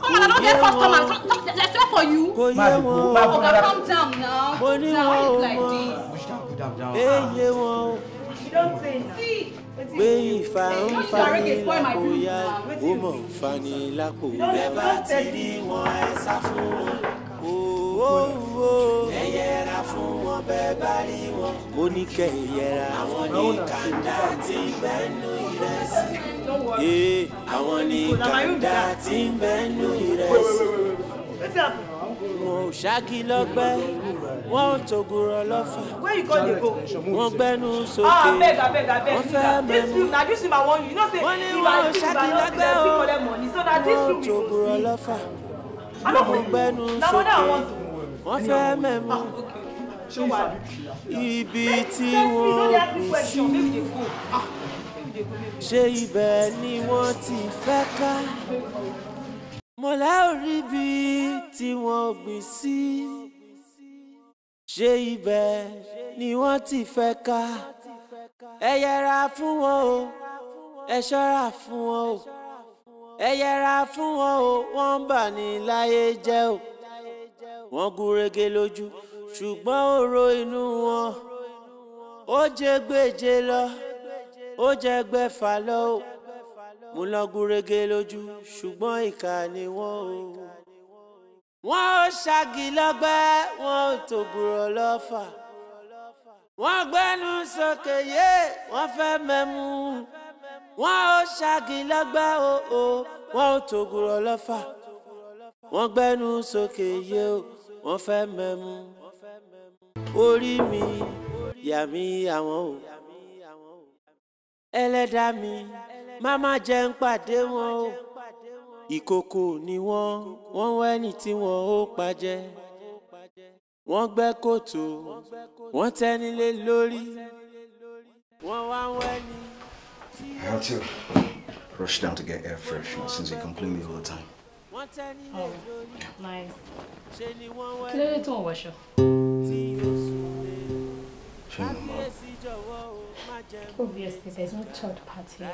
Speaker 6: Come on, I don't get customers. Oh. Let's wait for you. Oga, oh. calm down now. Down like this.
Speaker 7: Down,
Speaker 1: down. down. Ah. You
Speaker 6: don't say. See. Wey ìfanifani lápò ya, ó mọ̀
Speaker 1: fani lápò ya. Bẹ́ẹ̀ bá ti rí wọn ẹ sá fún wọn. Ẹ yẹra fún wọn bẹ́ẹ̀ bá rí wọn. Mo ní kẹ́ ẹ yẹra. Àwọn ní kàńdá ti bẹ́ẹ̀ nù yẹn ìrẹsì ee àwọn ní kàńdá tí ń bẹ nú ìrẹsì. wọn ò ṣáàkì lọ́gbẹ́ wọn ò tògùrọ̀ lọ́fà wọn gbẹ́nu sókè ah, wọn fẹ́ mẹ́mú
Speaker 6: wọn ní wọn ò ṣáàkì lọ́gbẹ́ o wọn ò tògùrọ̀ lọ́fà wọn gbẹ́nu sókè wọn
Speaker 1: fẹ́ mẹ́mú ah, ibi tí wọ́n kù sí ṣé ibẹ̀ ni wọ́n ti fẹ́ ká mọ̀lá òríbi tí wọ́n gbìn sí ṣé ibẹ̀ ni wọ́n ti fẹ́ ká ẹ yẹra fún wọn o ẹ ṣọ́ra fún wọn o ẹ yẹra fún wọn o wọ́n ń bà ní láyé jẹ́ o wọ́n gún régé lójú ṣùgbọ́n ọ̀rọ̀ inú wọn ó jẹ́ gbèje lọ ó jẹ́ gbẹ́fà lọ́wọ́ mo lọ́gùn rege lójú ṣùgbọ́n ìkà ni wọ́n o. wọ́n ó ṣagi lọ́gbẹ́ wọ́n ó tògùrọ̀ lọ́fà wọ́n gbẹ́nu sókè yé wọ́n fẹ́ mẹ́mú wọ́n ó ṣagi lọ́gbẹ́ o o wọ́n ó tògùrọ̀ lọ́fà wọ́n gbẹ́nu sókè yé o wọ́n fẹ́ mẹ́mú orí mi yà mí àwọn o ẹlẹ́dàá mi má má jẹ́ ń pàdé wọn o ìkòkò ni wọ́n wọ́n wá ẹni tí wọ́n ó pajẹ́ wọ́n gbẹ́ kòtò wọ́n tẹ́nilé lórí wọ́n wá wẹ́ni tí ó ti. Rush down to get air fresh since you complain me all the time.
Speaker 8: Oh, nice. Kí ló dé tó ń wọṣọ?
Speaker 2: Ṣé
Speaker 7: mo mọ̀?
Speaker 8: Obviously, there's no third party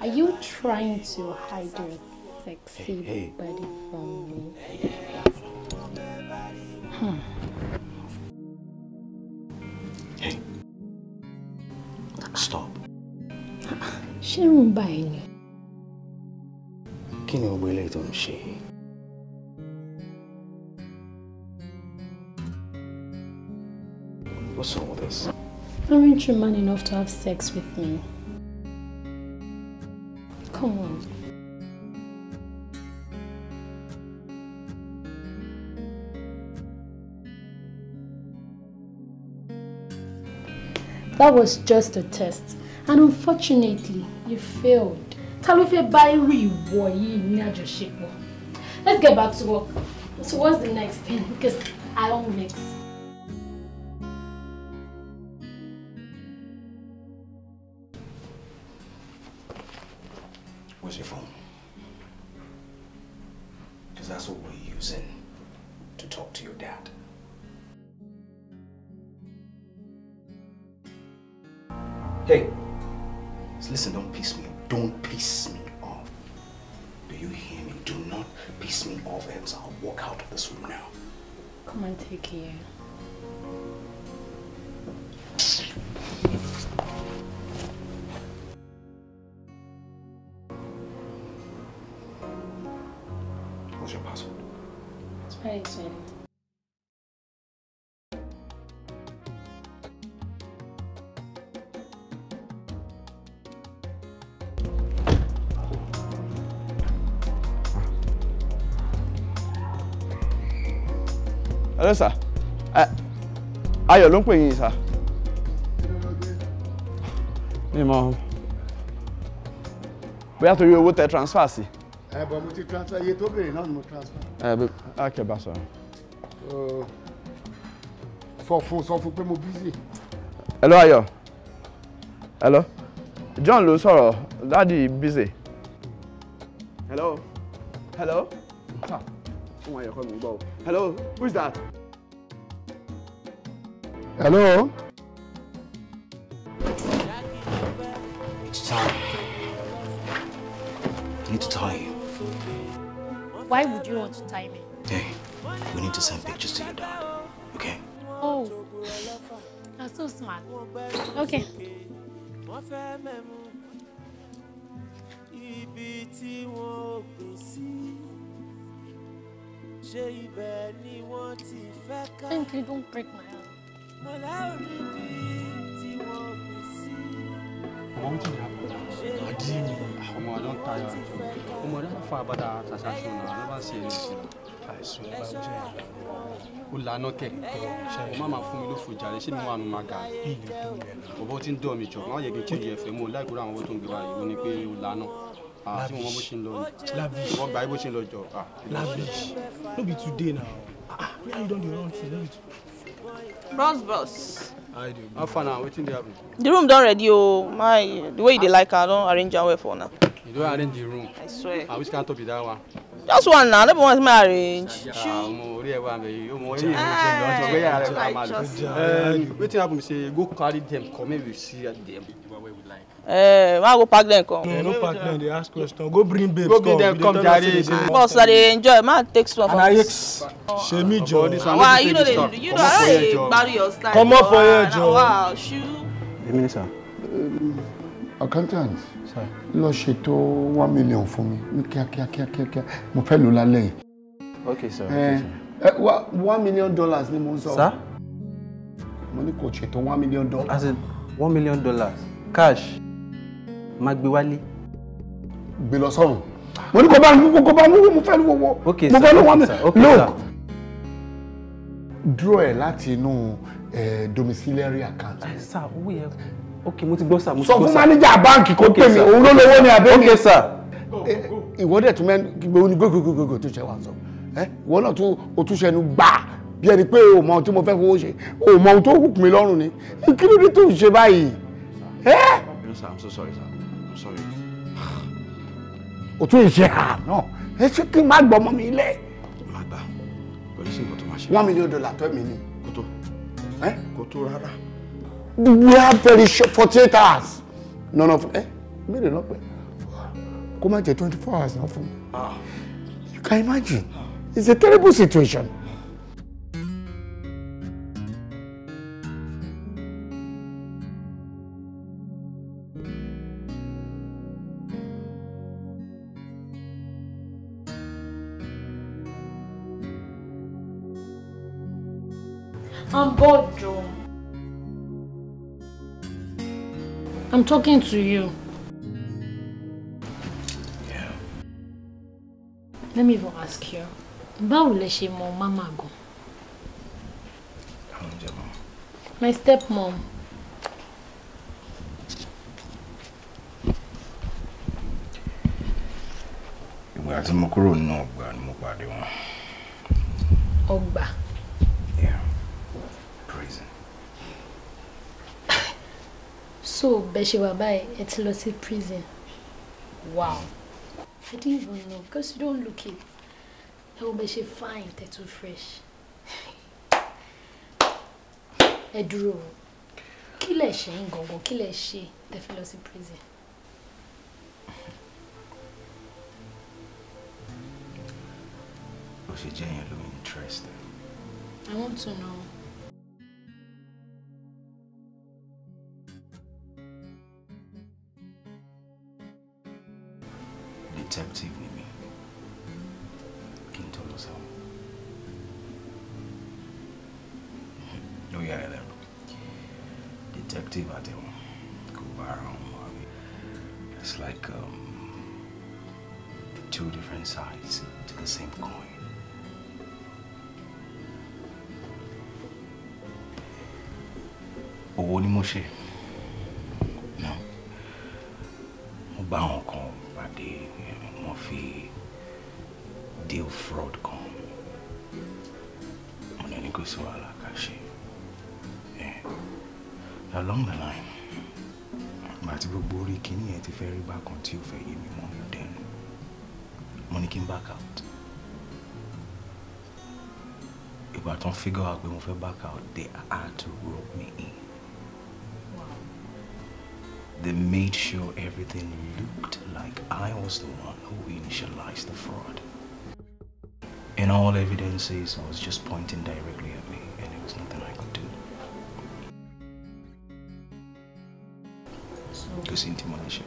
Speaker 8: Are you trying to hide your sexy hey, hey. body from me? Hmm.
Speaker 7: Hey. Stop.
Speaker 8: She won't buy ẹ ni?
Speaker 2: Kí ni gbogbo eléyìí tó What's wrong with this?
Speaker 8: aren't you man enough to have sex with me? Come on. That was just a test. And unfortunately, you failed. Ta ló fẹ́ bá irú ìwọ yìí àjọṣepọ̀. Let's get back to work. So what's the next thing? Because I don't mix.
Speaker 4: hello sir eh, ayọ̀ ló ń pè yín sir. mi mọ bóyá torí owó tẹ transfer sí.
Speaker 9: ẹ eh, bọ̀ mo ti transfer iye tó béèrè náà ni mo transfer.
Speaker 4: ẹ bí akẹ́ bá sọ̀rọ̀.
Speaker 9: Oh. sọ fún sọ fún pé busy.
Speaker 4: hello ayọ̀ hello john ló sọ̀rọ̀ dádì busy. hello hello. Ah. Oh my God, come on, go. Hello, who's that?
Speaker 9: Hello?
Speaker 2: It's time. I need to tie you.
Speaker 8: Why would you want to tie me?
Speaker 2: Hey, we need to send pictures to your dad,
Speaker 8: okay? Oh, that's so smart. Okay.
Speaker 1: Uncle, don't break my heart. ọ̀la òdìdí tí wọ́n fi sí.
Speaker 5: ọmọ mi ah, ti dà bọ̀ ọdí ni ọmọ ọdún tayọ àjọ ọmọ ọdún fún abada tàṣà ṣùn náà ló bá ṣe é lè ṣe àìsùn ẹgbàá ojú ẹ̀ ó lanà kẹ ṣàwọn má máa fún mi ló fò jàre ṣé mi change ẹ̀fẹ̀ mu láì kúrò àwọn owó tó ń gbé wa yìí ó ní pé ó lanà àti ah, wọn bó ṣe lavish ah,
Speaker 6: no be today na ah where you don dey run to no bros bros
Speaker 5: how far now wetin dey happen.
Speaker 6: the room done ready oh my the way they like i don't arrange am well for now. you don't arrange the room. i swear. I ah, wish can't top be that one. just one now. no be one wey arrange.
Speaker 5: ọmọ orí ẹ wà say go carry dem come make we see uh, dem.
Speaker 6: Uh, eh, wan go park dem come. Yeah, no park dem dey ask question go bring babes go bring come. go bring dem come jare. boss i dey enjoy ma take small for us. semi jọ wa you no dey you no i dey gbaru your style. comot for here jọ.
Speaker 9: The minister. èmi ni sir. Um, accountant lọ ṣètò one million fún mi ní kíákíá kíákíá mo fẹ́ lò lálẹ́ yìí. okay sir. ẹ ẹ one million dollars ni mo ń sọ. sir. mo ní kò ṣètò one million dollars. as in one million dollars cash má gbé wálé. gbé lọ sọ́run mo ní kò bá lówó kò bá lówó mo fẹ́ lówó wọ mo fẹ́ lówó mi look draw ẹ̀ láti inú domiciliary account. ẹ ah, sá owó yẹn ok mo ti gbọ́ sá mo ti gbọ́ sá. sọ fún mánéjà báǹkì kó pè mí òun ló lówó ní abẹ́ mi. ok sá. ìwọ dẹ̀ tún mẹ́ gbogbo gbogbo tó ṣe wà sọ ìwọ náà tún o tún ṣẹnu gbà bí ẹni pé o mọ ohun tí mo fẹ́ fowó ṣe o mọ ohun tó hùkùn mi lọ́rùn ni kí ló dé tó ń ṣe báyìí.
Speaker 4: sir i'm so sorry sir sorry.
Speaker 9: o tún ṣe àná ẹ ṣé kí n má gbọ́ ọmọ mi lẹ̀. má gbà pẹ̀lú sí nǹkan tó máa ṣe. one million dollar tó mi ni. kò tó eh? kò tó rárá. we have very short forty eight hours. none of ẹ mẹ́rin náà pẹ́ kó má jẹ́ twenty four hours náà fún mi. Ah. you can imagine it's a terrible situation.
Speaker 8: I'm bored, Joe. I'm talking to you. Yeah. Let me even ask you. Báwo lẹ ṣe mama? màmá My stepmom.
Speaker 2: Ìgbà tí mo kúrò nínú ọgbà ni mo pàdé
Speaker 8: wọn. Ọgbà. so bẹ́ẹ̀ ṣe wà báyìí ẹ ti lọ sí prison wow i didn't even know because you don't look it ẹ wo bẹ́ẹ̀ fine tẹ̀ tún fresh ẹ dúró o kí lẹ ṣe ń gangan kí lẹ ṣe tẹ́ fi lọ sí prison.
Speaker 2: ó ṣe jẹ́ yẹn ló interest.
Speaker 8: i want to know.
Speaker 2: Detective with mi kí n tó lọ No, ó yára lẹ́nu detective àtẹ̀wọ̀n kò bá ara wọn it's like um, two different sides to the same coin. owó ni mo ṣe mo bá wọn scale fraud kan mo dẹ̀ ní kò sí eh, along the line ìgbà tí gbogbo orí kìíní yẹn ti fẹ́ rí bákan tí ò fẹ́ yé money mo ní kí n back out ìgbà figure out when mo fẹ́ back out they had to rope me in they made sure everything looked like I was the one who initialized the fraud. And all evidences was just pointing directly at me and there was nothing I could do. Kusinti Malaysia.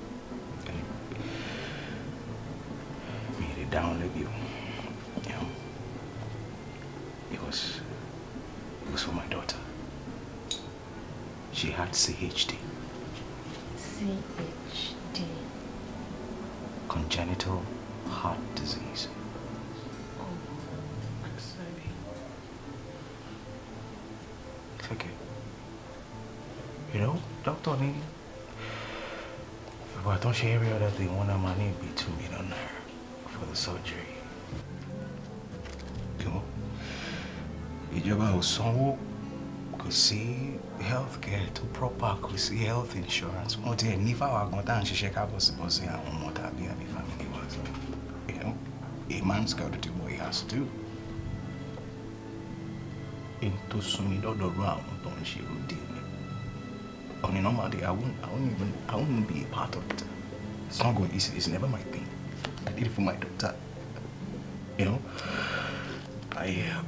Speaker 2: ìjọba ò sanwó kò sí health care tó proper kò sí health insurance wọn tiẹ̀ ní fáwọn àgbọn tá à ń ṣiṣẹ́ kábọ̀sibọ̀sí àwọn ọmọ tàbí àbí family wa so you know a man's got to do what he has to do. èyí tó sunmi lọ́dọọdún àwọn tó ń ṣerú dé ni on a normal day I won't I won't even I won't be a part of it it's not going easy it's never my thing I did it for my daughter you know I. Uh,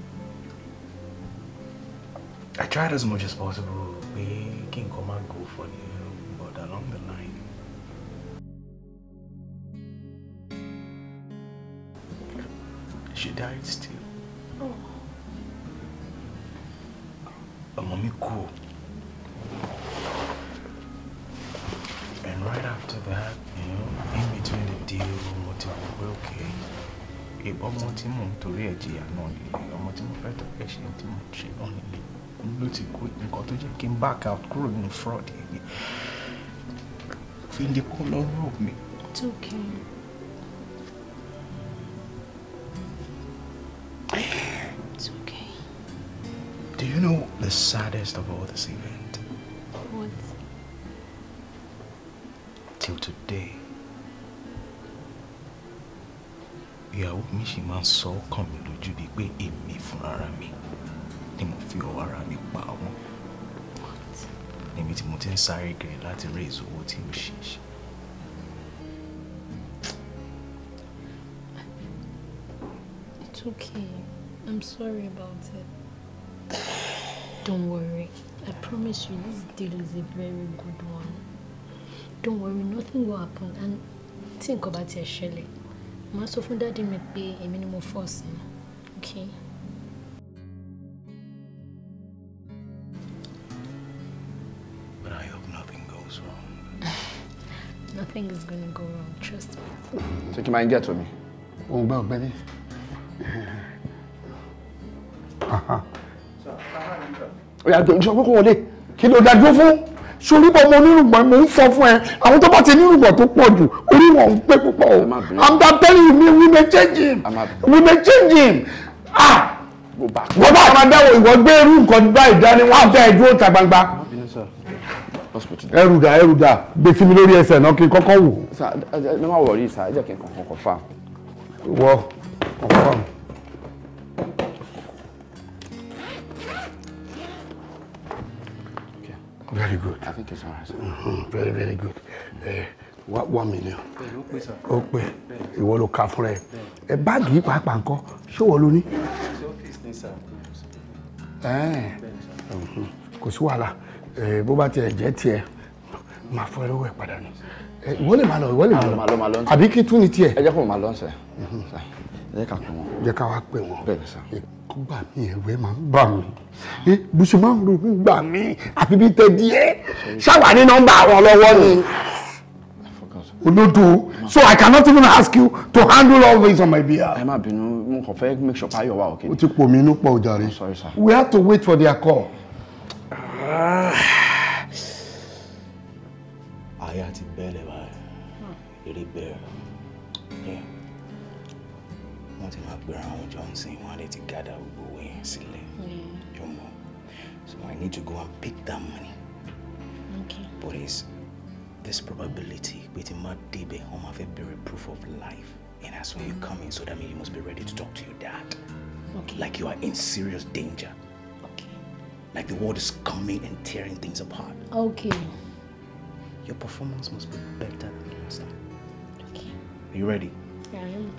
Speaker 2: I tried as much as possible making kí go for the but along the line. She died still. A oh. mi cool. And right after that, you know, in between the deal, mo ti wò pé okay. Ìbọn ọmọ tí mò ń torí ẹ̀ jìyà náà nílé, ọmọ tí mo fẹ́ ló ti kó nǹkan tó jẹ́ kí n back out kúrò nínú fraud yẹn ni fi lè kó lọ́rọ̀ mi.
Speaker 8: It's okay. It's okay.
Speaker 2: Do you know the saddest of all this event? What? Till today, ìyàwó mi ṣì máa ń sọ ọkàn mi lójú bíi pé èmi fi ọwọ́ ara mi pa wọ́n níbi tí mo ti ń sáré kiri láti rí ìṣòwò tí ó ṣe
Speaker 8: é It's okay. I'm sorry about it. Don't worry. I promise you this deal is a very good one. Don't worry, nothing will happen and think about your tiẹ̀ ṣẹlẹ̀ màá sọ fún dáàdi mi pé èmi Nothing is going to go wrong, trust me.
Speaker 9: Take your mind, get to me. Oh, well, baby. Oya dojú ọkọ wọlé kí ló dájú fún sórí bọ́ ọmọ onírùngbọ̀n mò ń fọ fún ẹ àwọn tó bá ti nírùngbọ̀n tó pọ̀ jù orí wọn ń pé púpọ̀ o I'm telling you we may change him we may change him ah Go back. Go back. dáwọ́ ìwọ gbé irú nǹkan báyìí dání wọ́n á bẹ́ẹ̀ dúró ta gbangba ẹrù dà ẹrù dà gbé sí mi lórí ẹsẹ̀ náà kí n kọ́kọ́ wò. sà ẹ má wọrí sà ẹ jẹ́ kí n kàn kàn fà. wọ kàn fà. Very good. I think it's all right. Mm-hmm. Very, very good. Uh, one, one million. ó pé ìwọ ló ka fúnra ẹ ẹ báàgì yìí pàápàá nǹkan ṣé wọ́n ló ní. kò sí wàhálà Eh, bó bá tiẹ̀ jẹ́ tiẹ̀ máa fọ ẹrú ẹ̀ padà nù eh, ìwọ lè máa lọ ìwọ lè máa lọ àbí kí tún ni tiẹ̀. ẹ jẹ́ kó máa lọ ọ̀sẹ̀ jẹ́ ká pè wọ́n. jẹ́ ká wá pè wọ́n eh, kó gbà ẹ̀wẹ́ máa ń bà mí bùsùn máa ń ro gbà mí àfi bí tẹ díẹ̀ ṣáwà ní nọ́mbà àwọn lọ́wọ́ ni olódò so i cannot even ask you to handle all this on my behalf. ẹ má bínú mo kàn fẹ́ make sure pa ayọ̀ wa òkè. o ti pò mí inú pọ̀ jàre we have to wait for their call.
Speaker 4: Ah. ayé àti
Speaker 2: bẹ́ẹ̀lẹ̀ báyìí eré bẹ́ẹ̀ wọ́n ti máa gbéra àwọn johnson wọn lè ti gada gbogbo owó yẹn sílẹ̀ yóò so I need to go and pick that money okay. but it's this probability pé tí má débẹ̀ wọ́n máa fẹ́ béèrè proof of life and as when you come in so that means you must be ready to talk to your dad okay. like you are in serious danger. Like the world is coming and tearing things apart. Okay. Your performance must be better than last time. Okay. Are you ready?
Speaker 8: Yeah, I am.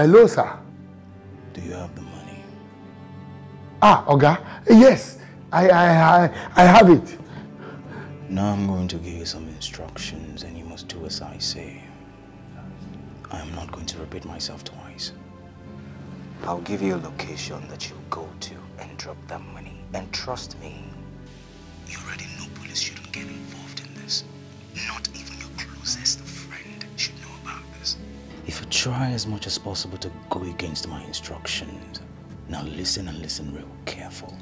Speaker 9: Hello, sir. Do you have the money? Ah, Oga. Yes, I, I, I, I have
Speaker 2: it. Now I'm going to give you some instructions and you must do as I say. I am not going to repeat myself twice. I'll give you a location that you go to and drop that money. And trust me, If you try as much as possible to go against my instructions, now listen and listen real careful.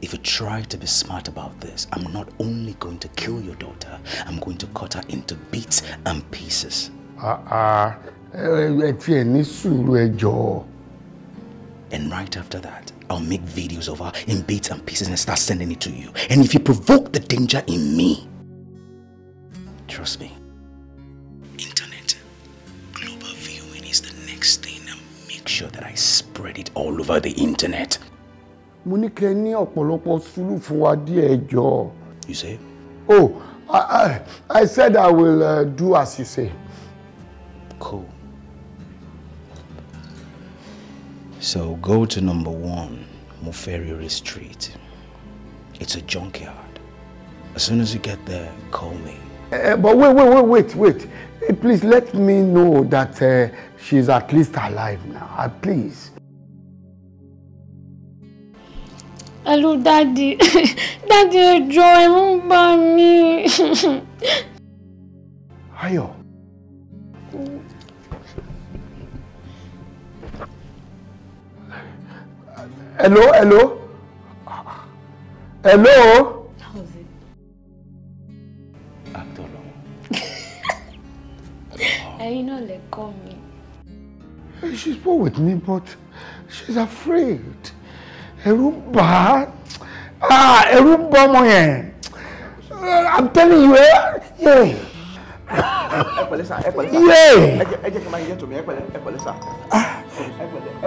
Speaker 2: If you try to be smart about this, I'm not only going to kill your daughter, I'm going to cut her into bits and pieces.
Speaker 9: Ah, uh, uh, and
Speaker 2: right after that, I'll make videos of her in bits and pieces and start sending it to you. And if you provoke the danger in me, trust me, sure that I spread it all over the internet. You say?
Speaker 9: Oh, I, I, I said I will uh, do as you say.
Speaker 2: Cool. So go to number one, Muferiri Street.
Speaker 9: It's a junkyard. As soon as you get there, call me. Uh, but wait, wait, wait, wait, wait. Eh, please let me know that uh, She's at least alive now. At least.
Speaker 8: Hello, Daddy. Daddy, ẹ jọ̀ọ́, ẹ mú
Speaker 9: Hello, hello. Hello. How's it?
Speaker 8: Abdullah. Ẹ̀yin náà lè kọ́ mi
Speaker 9: she's poor with me but she's afraid ẹ̀rù ah, bà my ẹ̀rù i'm telling you eh, yeah.
Speaker 4: ẹ pẹ̀lẹ́ sà ẹ pẹ̀lẹ́ sà ẹ jẹ́ kí n máa yẹ tòmí ẹ pẹ̀lẹ́ ẹ pẹ̀lẹ́ sà ah. ẹ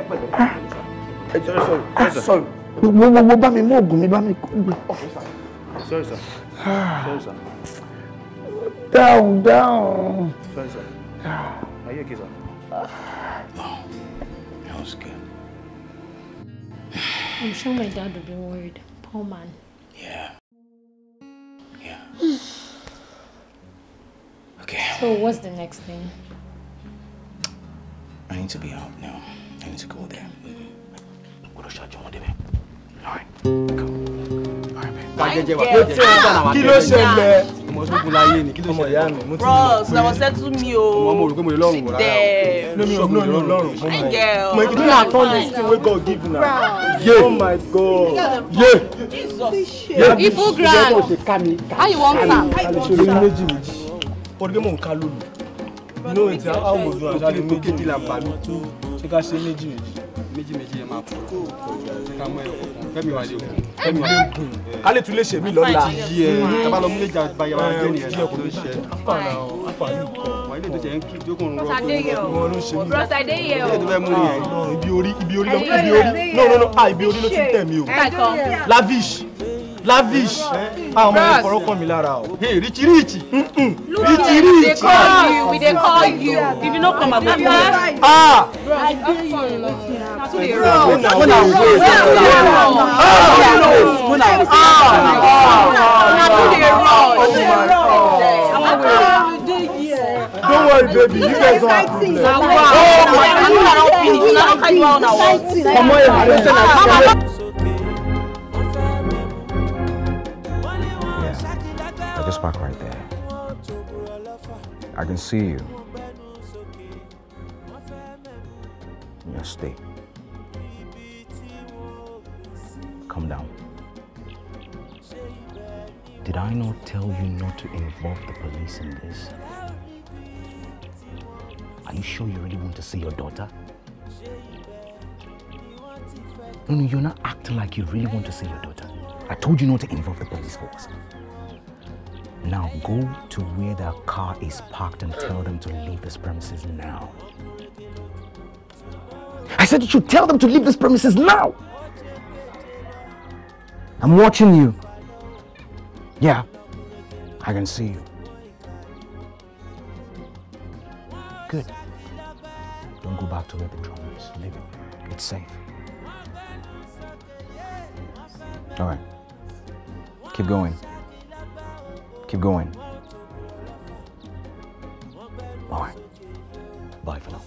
Speaker 4: pẹ̀lẹ́ ẹ pẹ̀lẹ́ ah. sorry sorry sir.
Speaker 8: down down.
Speaker 2: sorry sir. ayé ah. kìí sà. Oh,
Speaker 8: that was good. I'm sure my dad would be worried. Poor man. Yeah. Yeah. okay. So what's the next thing?
Speaker 2: I need to be out now. I need to go there.
Speaker 4: Alright, go. Alright, babe. mọ̀ sókun láyé
Speaker 5: ni kí ló ṣẹlẹ̀ ọmọ ìyá mi mo ti mọ̀ pé bros
Speaker 6: settle me o
Speaker 5: ọmọ mo rò pé mo lè lọ́rùn rárá o lómi ọ̀gbìn ló lọ́rùn mo mọ̀
Speaker 6: mo ìdílé àtọ́ lè sí wey
Speaker 9: God give na ye oh my God ye
Speaker 6: ye ifu grand
Speaker 9: how you wan am. alùsọ̀rọ̀ ní méjì méjì
Speaker 5: ọdún mọ̀ ń ká lónìí ní òun ti àwọn òun àti àti méjì méjì ṣé ká ṣe méjì méjì méjì méjì ẹ máa kú ṣé ká mọ ẹ̀kọ́ kẹ́mi wà lẹ́wọ̀ kẹ́mi wà lẹ́wọ̀.
Speaker 2: kálí tún lè ṣe mí lọ́la. tábà lọ múlẹ̀ jà báyà wà jẹ́ nìyẹn kò ní ṣe.
Speaker 9: àfààní àfààní wà ilé ìdíje yẹn kí jókòó
Speaker 6: rọ wọn ló ṣe mí. brọ́sà dé yẹ o. ilé ìdíje mú nìyẹn.
Speaker 9: ibi orí ibi orí ibi orí no no no ah ibi orí ló ti tẹ̀ mí o. lavish
Speaker 2: lavish àwọn eh, ah, ọmọ yẹn fọ̀rọ̀ kàn mí lára o richi richi richi richi.
Speaker 6: we dey call you if you no come ah. i go kill you. ah
Speaker 2: when i
Speaker 6: wait ah
Speaker 7: when i ah ah na too dey run. Don't worry, baby. You guys don't have Oh my God! I don't
Speaker 6: finish. I don't carry one hour. Come on, come on.
Speaker 2: Just park right there.
Speaker 1: I can see you. Now stay. Come
Speaker 2: down. Did I not tell you not to involve the police in this? Are you sure you really want to see your daughter? No, no, you're not acting like you really want to see your daughter. I told you not to involve the police force. Now go to where their car is parked and tell them to leave this premises now.
Speaker 4: I said you should tell them to leave this premises now.
Speaker 2: I'm watching you. Yeah, I can see you. Good. Don't go back to where the drum is. Leave it. It's safe. All right. Keep going. Keep going. All right. Bye for now.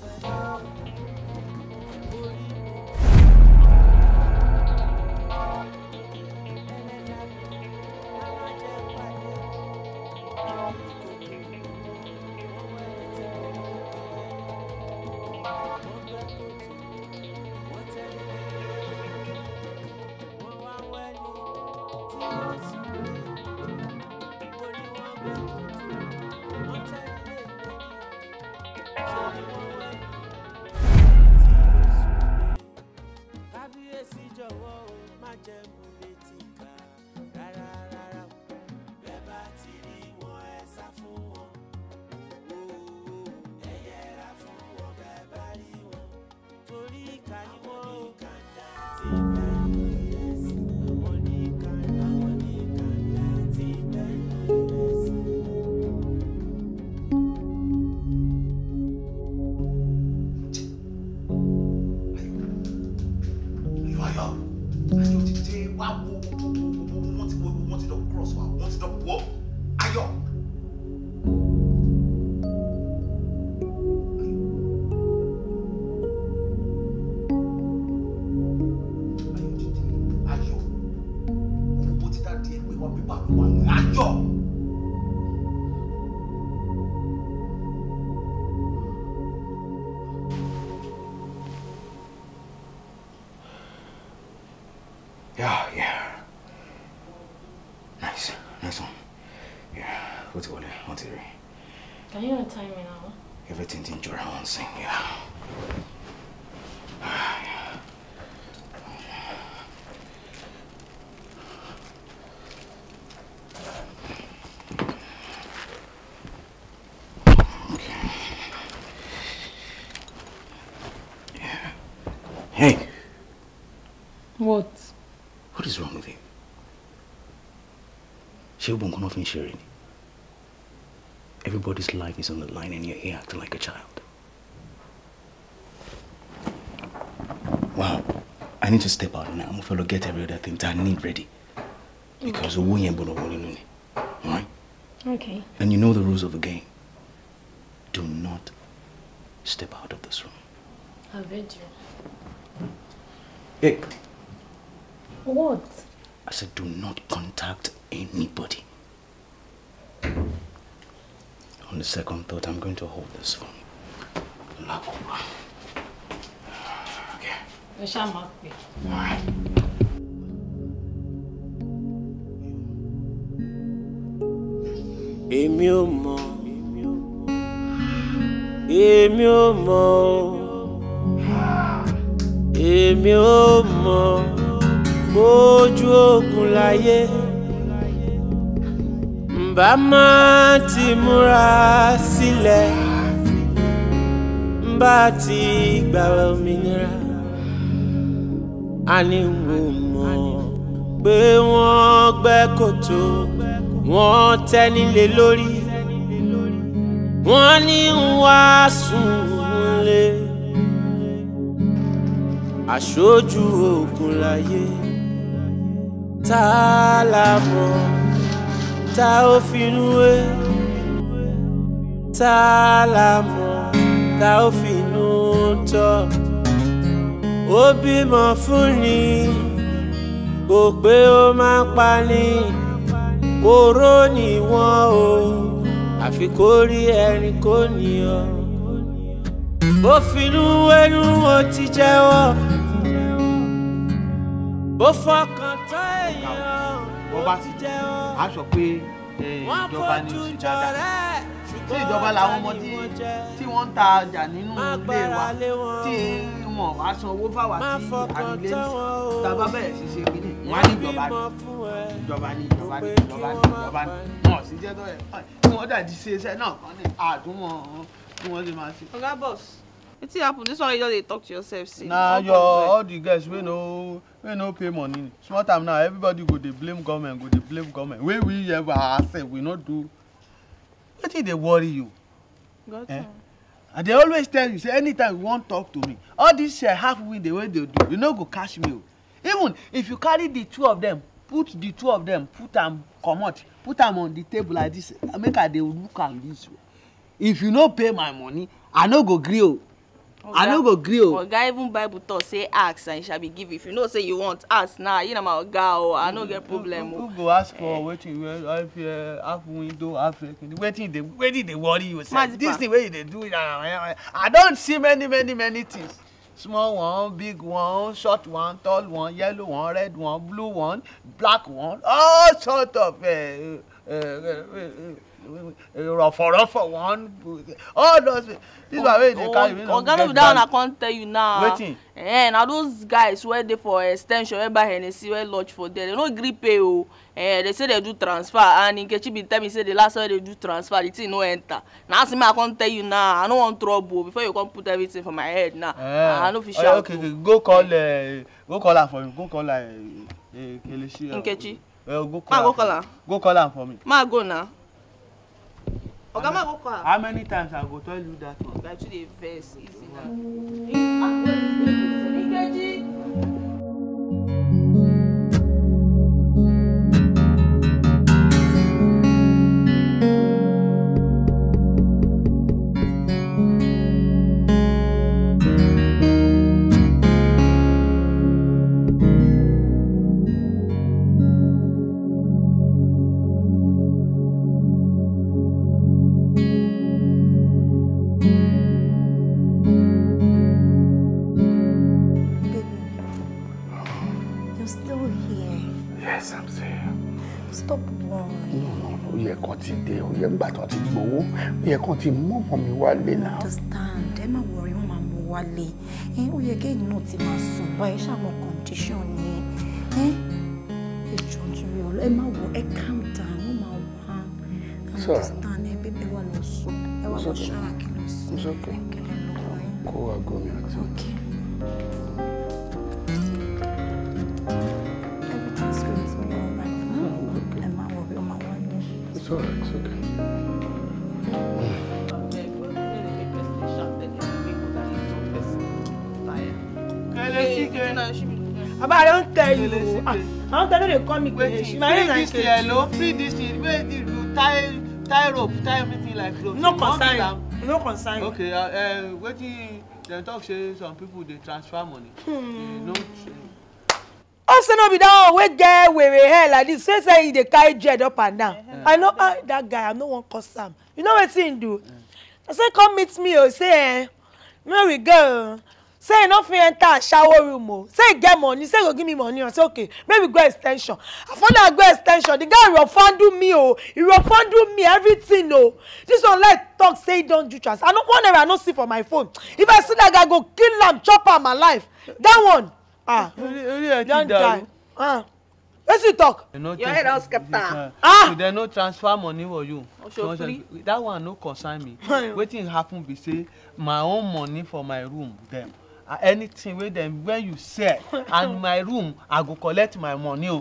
Speaker 2: What? What is wrong with him? She won't come off in ṣeré Everybody's life is on the line and you're here acting like a child. Wow, I need to step out now. Mo fẹ́ lọ get every other thing that I need ready. Because owó yẹn gbọ́dọ̀ wọ nínú ni.
Speaker 8: Alright? Okay.
Speaker 2: And you know the rules of the game.
Speaker 1: sílẹ̀ ń bá ti gba òmìnira a ní mo mọ̀ pé wọ́n gbẹ́ kòtò wọ́n tẹ́ nílé lórí wọ́n ní wá sùn lé aṣojú ogun láyé tá a la mọ̀ tá a ó finú wé tá a là mọ̀ tá ó fi inú tọ́ ó bímọ fún ni kò pé ó máa pa ni oró ni wọ́n o àfi kó rí ẹni kó nìyàn bó finú wẹ́nu ó
Speaker 5: ti jẹ́wọ́ bó fọkàn tán èèyàn ó ti jẹ́wọ́ eh, wọ́n fojú jọ rẹ̀ tí ìjọba làwọn ọmọ tí wọ́n ń ta ọjà nínú ilé wa tí wọn wá san owó fáwa tí àdílé tàbá bẹ̀rẹ̀ sí ṣe kínní wọn á ní ìjọba ní ìjọba ní ìjọba ní ìjọba ní ìjọba ní wọn ò jẹ́ tó yẹ kí wọ́n dàdí ṣe iṣẹ́ náà
Speaker 6: kan ní àtúmọ̀ bí wọ́n ṣe máa ṣe. oga boss wetin happen this one you just dey talk to yourself say. na your all
Speaker 5: the guys wey no wey no pay money small time now everybody go dey blame government go dey blame government wey we ever ourself we no do wetin dey worry you eh? i dey always tell you say anytime you wan talk to me all this uh, eh, half window wey dey do you no go catch me o oh. even if you carry the two of them put the two of them put am comot put am on the table like this make i dey look am this way if you no pay my money i no go gree o oh i no go gree o.
Speaker 6: oga even bible talk say ask and you shall be give if you know say you want ask now you na my oga o i no get problem o.
Speaker 5: who go ask for eh. wetin wey I fear half window half kini wetin dey wetin dey worry you sef dis thing wey you dey do na i don see many many many things small one big one short one tall one yellow one red one blue one black one all sort of. Uh, uh, uh, uh, uh rọ̀fọ̀rọ̀fọ̀ one oh, all those this one wey dey carry we no no be that one i
Speaker 6: come tell you now. wetin. Eh, na those guys wey dey for ex ten sion wey buy hennessy wey lodge for there they no gree pay o oh. eh, they say they do transfer and nkechi bin tell me say the last time they do transfer the thing no enter na as me i come tell you now i no wan trouble oh, before you come put everything for my head now eh. i no fit shout o. okay
Speaker 5: okay go call uh, go call am for me go call am uh, eh, eh, kelechi. nkechi. Uh, go call am go call am for me.
Speaker 6: ma go na oga ma go call how many times i go tell you that? one. oga you too dey vex easy na.
Speaker 9: ó yẹ kán ti mú ọmọ mi wálé náà.
Speaker 3: understand ẹ má wọrí wọn máa mú wálé ẹ ó yẹ kéèyàn náà ti máa sùn báyìí ṣàwọn condition ni ẹ ìjọ nítorí ọlọ ẹ má wọ ẹ calm down wọn máa wá understand ẹ bíbí wà lọ sùn ẹ wà lọ ṣọ́ra kí lọ sùn.
Speaker 6: bàbá rẹ̀ ń tẹ ìlú ah, àwọn tẹ̀lé lè kọ́ mi
Speaker 5: kìí ṣe máa ń rìn àìsè. wait till free this year wey the you tie tie rope tie everything like cloth. no consign. no consign. okay uh, uh wetin they talk say some people they transfer money. Hmm. You know,
Speaker 3: all oh, say no be that one wey get were hair like this say say they carry dread up and down yeah. i know uh, that guy i know one curse am you know wetin he do yeah. i say come meet me o oh, say eh make we go say you no fit enter shower room o say get money say go give me money i say okay make we go extension afọdà go extension the guy refundu me o he refundu me everything o this one like talk say he don do transfer i no one ever i no see for my phone if i see that guy go kill am chop am
Speaker 5: alive that one ah don die ah wetin you talk. your head don scatter. ah dem no transfer money for you. Oh, that one no concern me wetin happen be say my own money for my room dem. Uh, anything wey dem when you sell and my room i go collect my money o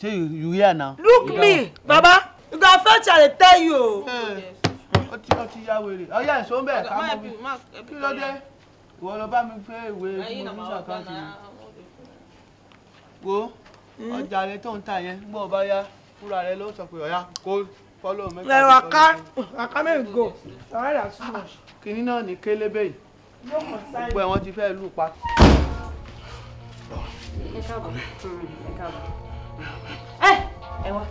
Speaker 5: shey you you hear now. look you me baba you go fetch i dey tell you o. ó ti ó ti ya wèrè ọyá oh, ìṣó ń bẹ ká mọ mi kí ló dé ìwọ ló bá mi gbé ìwé ìfowópamọ́sí àkáǹtì mi wo hmm? ọjà rẹ tó ń tà yẹn gbọ́n bá yá fúra rẹ ló sọ pé ọ̀yá kó follow me. ẹ̀rọ aká aká mẹ́rin go ọ̀rẹ́ rà súnmọ́. kinní náà ní kélébé yìí gbogbo ẹ̀wọ̀n ti fẹ́ lù pa.
Speaker 8: ẹ káàbọ̀ ẹ káàbọ̀ ẹ ẹ̀wọ̀n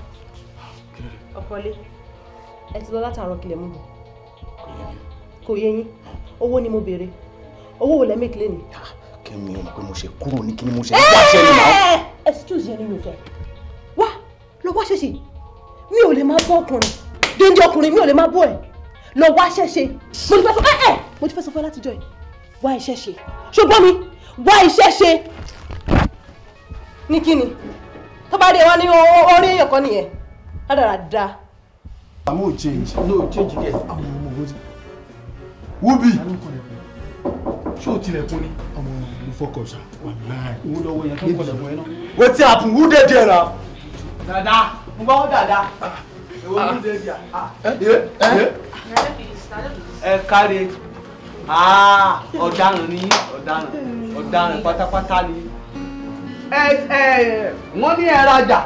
Speaker 8: ọ̀pọ̀lé
Speaker 3: ẹ ti lọ látàárọ̀ kílẹ̀ mú bọ̀ kò yé yín owó ni mo béèrè owó wo lẹ́ mẹ́kìlẹ́ ni. Ah,
Speaker 2: kẹ́mi ọmọ pé mo ṣe kúrò ní kí ni mo ṣe wá ṣe ni màá.
Speaker 3: excuse yẹn ni mi ò fẹ́ wá lọ wá ṣèṣe mi ò lè máa bọ́ ọkùnrin déńdé ọkùnrin mi ò lè máa bọ́ ẹ̀ lọ wá ṣẹ̀ṣẹ̀ mo ti fẹ́ sọ fẹ́ ẹ̀ mo ti wá iṣẹ́ ṣe ṣùgbọ́n mi wá iṣẹ́ ṣe ní kíni tó bá rí ẹ wá ní orí èèyàn kan nìyẹn rádaràda.
Speaker 4: àwọn ò change no change kẹ àwọn ọmọ
Speaker 9: ogun ti wúbi ṣé o tilẹ̀kùn ni. ọmọ mo fọkọ sa wàláì owó lọ́wọ́ yẹn tó ń kọlẹ̀ fún ẹ náà. wetin happen who dey there
Speaker 5: dada mo bá wọn dada èwo who dey
Speaker 9: there.
Speaker 5: ẹ káre. Ah, ọ̀daràn ni ọ̀daràn ọ̀daràn pátápátá ni wọ́n ní ẹ rajà.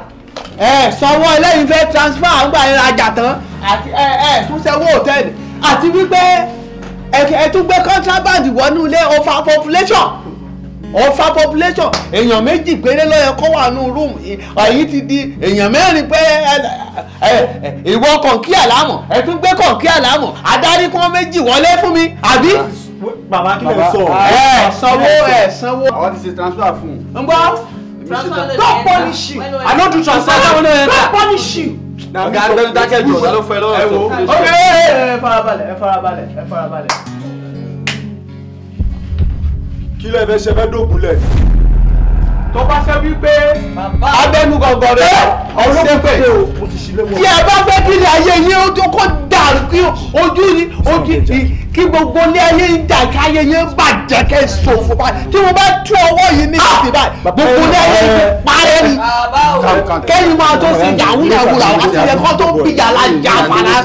Speaker 5: ẹ sanwó eléyìí fẹ́ transfer àgbà ẹ rajà tán àti ẹ ẹ tún sẹ́wọ́ hòtẹ́ẹ̀lì àti wípé ẹ tún gbé contraband wọnú ilé over population ọ̀fà population èèyàn méjì péré lọ́yẹ kó wà nù rúùmù èyí ti di èèyàn mẹ́rin pé ìwọ kọ̀ǹkì àlámọ̀ ẹ tún gbé kọ̀ǹkì àlámọ̀ adarí kan méjì wọlé fún mi àbí. bàbá kí ló sọ ẹ
Speaker 6: sanwó ẹ
Speaker 5: sanwó. àwọn ti ṣe transfer fún
Speaker 6: un. n bọ́ don't punish you i no do transfer
Speaker 5: don't punish you dákẹ́ jù ọ̀dọ́ ló fẹ́ lọ́wọ́. ẹ wo ẹ farabalẹ̀ ẹ farabalẹ̀ ẹ farabalẹ̀
Speaker 9: kí lẹ fẹ́ ṣe fẹ́ dògúnlẹ̀. tó bá ṣe wípé abẹ́nu gọ̀ngàn rẹ̀ ọlọ́run pé
Speaker 4: tí ẹ bá fẹ́ kí ilé ayé
Speaker 9: yín ó tó kó dàrú ojú
Speaker 5: ni ojú ni kí gbogbo ilé ayé ń jà kí ayé yẹn bàjẹ́ kẹ́ ẹ ṣòfò báyìí tí mo bá tú ọwọ́ yìí ní ìsì báyìí gbogbo ilé ayé ti parẹ́ ni kẹ́yìn máa tó sí yàwó yàwó làwọn àti ẹ̀kọ́ tó ń bí yàrá jà fara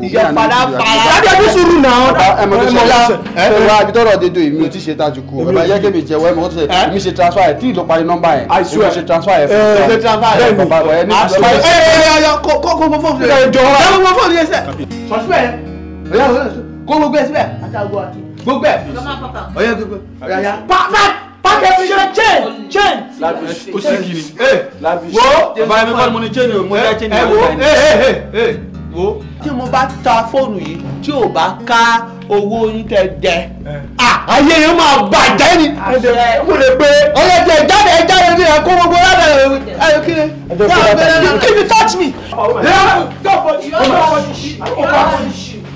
Speaker 5: ìyẹ̀fara fara. lábẹ́ ẹbí sùúrù náà ẹ mọ̀ ya ẹ wá ibi tọ́rọ̀ dédò èmi ò ti ṣe tájú kú bàbá yẹ kébi jẹ́wọ́ ẹ mọ̀ tó ṣe èmi ṣe transfer ẹ̀ tí ìlú parí nọ́mbà ẹ̀ èmi ṣe transfer ẹ̀ fún ẹ̀ bàbá ẹ̀ ní kó gbogbo ẹ síbẹ̀ àti àgbo àti gbogbo ẹ ọyẹ gbogbo ọyàyà perfect perfect ṣe chain chain. lavish o sì kiri wo bàbá yẹn mi kọ́ ni mo ní chain o mo dá chain yẹn lọ́wọ́ ẹ̀ wo. tí mo bá ta fóònù yìí tí ò bá ká owó oyin tẹ jẹ eh. ayé yẹn máa bàjẹ́ ni mo lè pe ọyẹ tẹ jáde ẹ jáde ní ẹ kó gbogbo lábẹ́ ẹ kí ni
Speaker 6: kí ni
Speaker 2: touch
Speaker 5: me.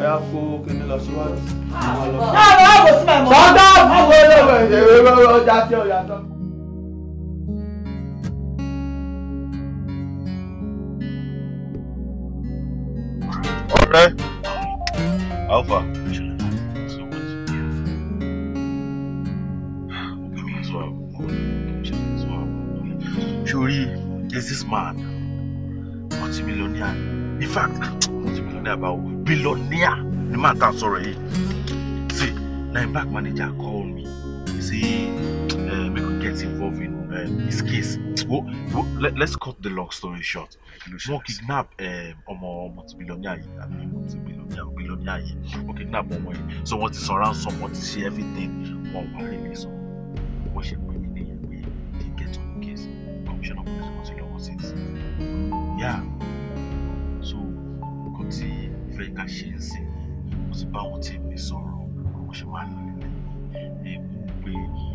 Speaker 5: ọ̀yà kó kíní lọ
Speaker 1: Ọ̀rẹ́ Alfa.
Speaker 2: Ṣorí, there's this man, multimillionaire? In fact, billionaire báwo billionaire The man tà sọ̀rọ̀ see now im bank manager called me he say uh, make we get involved in um, eh, his case well, well, let, let's cut the long story short wọ́n kidnap Um, eh, multibillionaire yìí àbí multibillionaire billionaire yìí wọ́n kidnap ọmọ yìí so wọ́n ti around, ransom wọ́n ti ṣe everything wọ́n wà rẹ́lẹ̀ What wọ́n ṣe pé ní ìyẹn pé get on the case commissioner police council lọ́wọ́ sí yeah ohun tí ìfẹ́ ká ṣe ń sìn mo ti bá àwọn tí mi sọ̀rọ̀ mo ṣe máa ń lò nílẹ̀ mo pe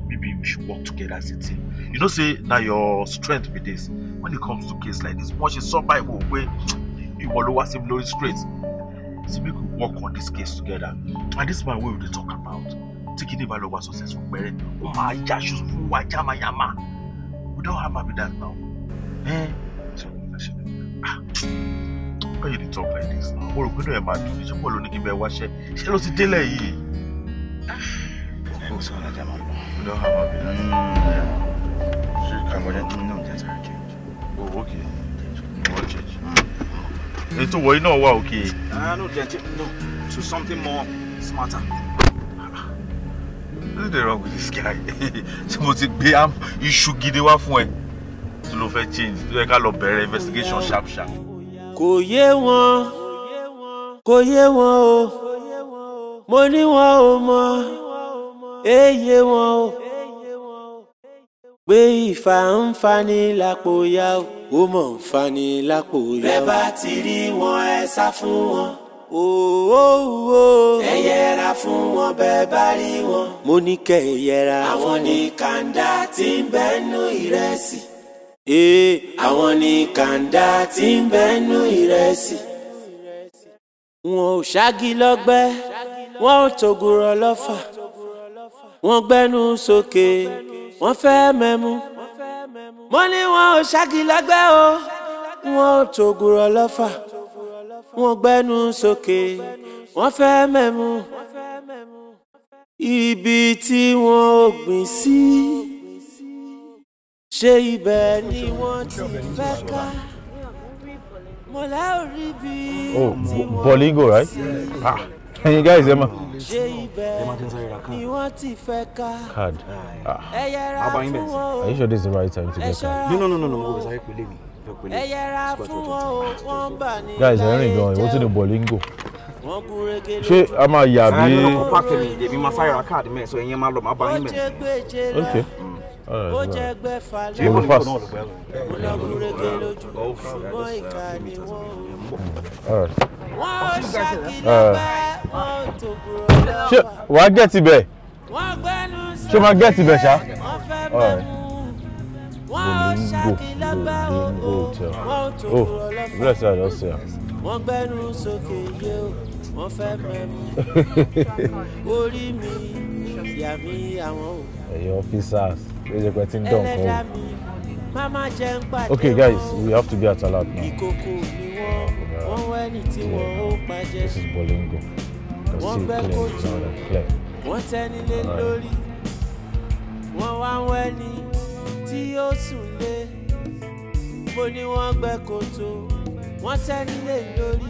Speaker 2: maybe we should work together as a team you know say na your strength be this when it comes to case like this wọ́n ṣe sọ báyìí wò pé ìwọ ló wá sí mi lórí straight say make we work on this case together and this man wey we dey talk about tí kìíní bá lọ wá successful pẹ̀rẹ́ ó máa yá ṣùgbọ́n wá jámayàmá we don have be that now. Eh? how can you dey talk like this now mo rò pé náà ẹ máa dùn ní ṣé pọ̀ ló ní kí n bẹ wáṣẹ́ ṣé ló ti délẹ̀ yìí. ó sọ wọn ajá máa lọ. we don't have our business. Mm. ṣé àwọn ọjà tí mi náà jẹ́ sáré change. oh okay more change. ètò wọ̀nyí náà wà òkè. Ah, no no to something more smarter. What is wrong with this guy? Ṣé mo ti gbé iṣu gidi wá fún ẹ? Tí ló fẹ́ change, tó yẹ ká lọ bẹ̀rẹ̀ investigation sharp sharp
Speaker 1: kò yé wọn kò yé wọn o mo ní wọn ò mọ èyé wọn o pé ìfà ń fani lápò ya o ó mọ̀ ń fani lápò ya o. bẹ́ẹ̀ bá ti rí wọn ẹ sá fún wọn. Òwò. Ẹ yẹra fún wọn bẹ́ẹ̀ bá rí wọn. Mo ní kẹ́ ẹ yẹra Àwọn ni kàńdá tí ń bẹ́ẹ̀ nú ìrẹsì ee àwọn ni kàńdá tí ń bẹ́nu ìrẹsì. wọn ò ṣáàgì lọ́gbẹ́ wọn ò tògùrọ̀ lọ́fà wọn gbẹ́nu sókè wọn fẹ́ mẹ́mu. mo ní wọn ò ṣáàgì lọ́gbẹ́ o wọn ò tògùrọ̀ lọ́fà wọn gbẹ́nu sókè wọn fẹ́ mẹ́mu. ibi tí wọn ò gbìn sí. Si ṣé ibẹ̀ ni wọ́n ti fẹ́ ká mọ̀lá ò rí bí tí oh, wọ́n Boligo right ah ẹ̀yin guys ẹ ma. ṣé ibẹ̀ ni wọ́n ti fẹ́ ká ah. ẹ yẹra fún wọn o are you sure this is the right time to get card.
Speaker 2: no no no no mo sáré pèlè mi
Speaker 1: ẹ fún wọn o wọ́n
Speaker 2: bà ní láyé jẹ́ guys ẹ rìn gan ìwọ tún ní Boligo ṣé a máa yà bí. ẹ ní ọkọ̀ pàkẹ́ mi èmi máa sáré ra káàdì máa lọ máa bá yín mẹ́ẹ̀. okay ó jẹ́ gbẹ́fà lẹ́yìn mo
Speaker 1: lọ́gùnrégé lójú ṣùgbọ́n ìkà ni wọ́n ò
Speaker 2: wọ́n
Speaker 7: ṣàkìlọ̀
Speaker 1: bá wọn ò tó kúrò lọ́wọ́. ṣé wàá gẹ̀ẹ́tì bẹ̀ ṣé wàá gẹ̀ẹ́tì bẹ̀ ṣá. wọ́n fẹ́ mẹ́mú wọ́n ṣàkìlọ̀ bá wọn ò tó kúrò lọ́wọ́. Oh, wọ́n gbẹ́nu sókè yé o wọ́n fẹ́ mẹ́mú orí mi ìyá mi àwọn ò.
Speaker 2: ẹ̀yin officers ló jẹ́ pé tí ń dán fún
Speaker 1: mama jẹ́ ń pàdé wọn. okay guys
Speaker 2: we have to be at alert now.
Speaker 1: ìkòkò ni wọ́n wọ́n wẹ́ ní tí wọ́n ó pàjẹ́. this is bolingo wọ́n bẹ́ kóòtù wọ́n tẹ́nilé lórí wọ́n wá wẹ́ ní tí yóò sùn lé mo ní wọ́n gbẹ́ kóòtù wọ́n tẹ́nilé lórí.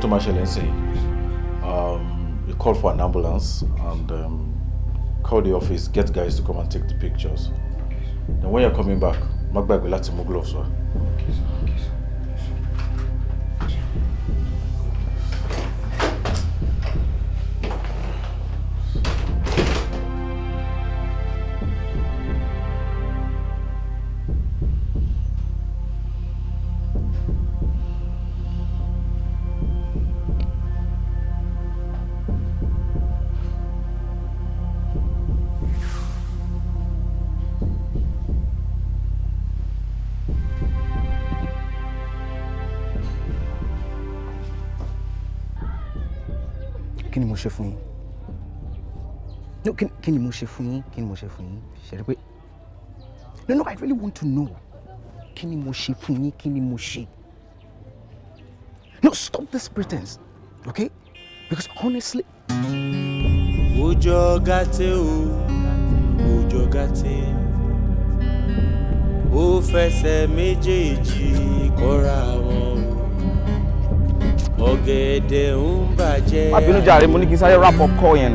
Speaker 2: tó máa ṣẹlẹ̀ sí he called for an ambulance and um, called the office get guys to come and take the pictures then when you're coming back má gbàgbé láti mú gloves Okay, sir. ṣe fún yín no kí ni mo ṣe fún yín kí ni mo ṣe fún yín ṣe rí pé no no I really want to know kí ni mo ṣe fún yín kí ni
Speaker 1: mo ṣe no stop this pretense okay because honestly. ojo gate o ojo gate o fẹsẹ̀ méjèèjì kọ́ra wọn o ọ̀gẹ̀dẹ̀ ń bàjẹ́. má bínú jàre mo ní kí n sáré rap up call yẹn.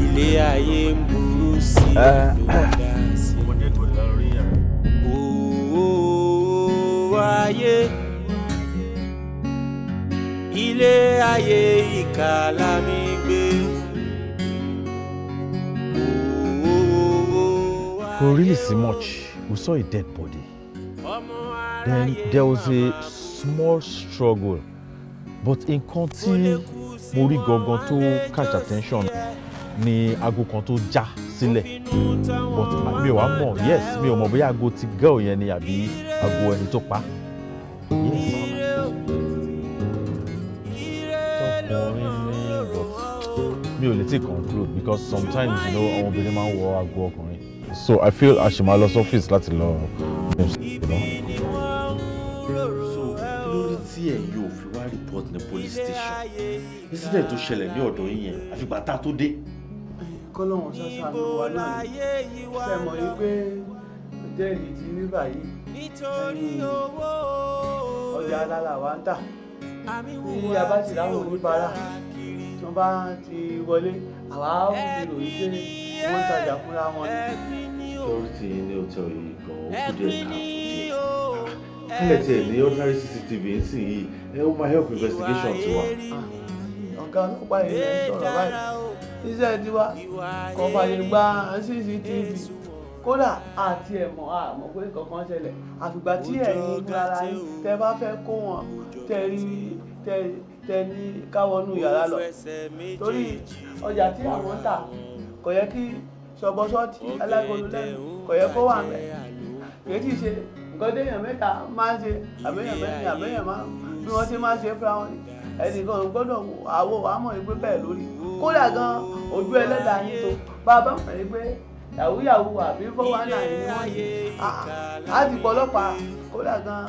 Speaker 1: ilé ayé ń burú sí i eh. ló dá sí i. owó ayé ilé ayé ìkà la mi gbé.
Speaker 2: kò really see much we saw a dead body then there was a small struggle but nǹkan tí mo rí gangan to catch attention ni aago kan tó já sílẹ̀ but mi ò wá mọ̀ yes mi ò mọ̀ bóyá aago ti girl yẹn ni àbí aago ẹni tó pa yes. mi ò lè tí conclude because sometimes you know àwọn obìnrin máa ń wọ aago ọkùnrin so I feel a office. máa láti lọ. You
Speaker 1: know? dna ò fi wá report ní police
Speaker 5: station incident tó
Speaker 4: ṣẹlẹ̀ ní ọ̀dọ̀ yín yẹn àfìgbà tá a tó dé.
Speaker 5: kọ́lọ́hún ṣáṣá ló wà náà ni ṣe mọ̀ yí pé hòtẹ́ẹ̀lì ti ní báyìí ọjà alára wa ń tà bí a bá tí wọ́n bá ti wọlé àwa ó ti rò yí pé wọ́n ń tajà fúnra wọn. lórí ti
Speaker 1: ní hòtẹ́ẹ̀lì gan-an ó kú díẹ̀ káàkiri
Speaker 5: kílẹ̀ tiẹ̀ ní ordinary cctv ń sìn yìí ẹ ó máa help investigation tiwa. Ah, ọ̀gá ọlọ́pàá yìí ló ń sọ̀rọ̀ báyìí iṣẹ́ tiwa kò fàyè gba cctv kódà àti ẹ̀mọ́ àmọ́ pé kankan ṣẹlẹ̀ àfìgbà tí ẹ̀yin gbára yín tẹ bá fẹ́ kó wọn tẹ rí tẹ tẹ ní káwọnú yàrá lọ torí ọjà tí àwọn ń tà kò yẹ kí ṣọbọṣọ tí alágolo lẹ́nu kò yẹ kó wà mẹ́ kì í ti ṣe nǹkan téèyàn mẹ́ta máa ń ṣe àbẹ́yàn mẹ́ta àbẹ́yàn máa bí wọ́n ti máa ń ṣe fúra wọn ẹnìkan gbọ́dọ̀ àwọ̀ àmọ̀ ìgbé bẹ́ẹ̀ lórí kódà gan ojú ẹlẹ́dàá yín tó bàbá mọ̀ ní pé yàwúyàwú àbí fọwọ́nà ni wọ́n yé á ti pọ̀ ọlọ́pàá kódà gan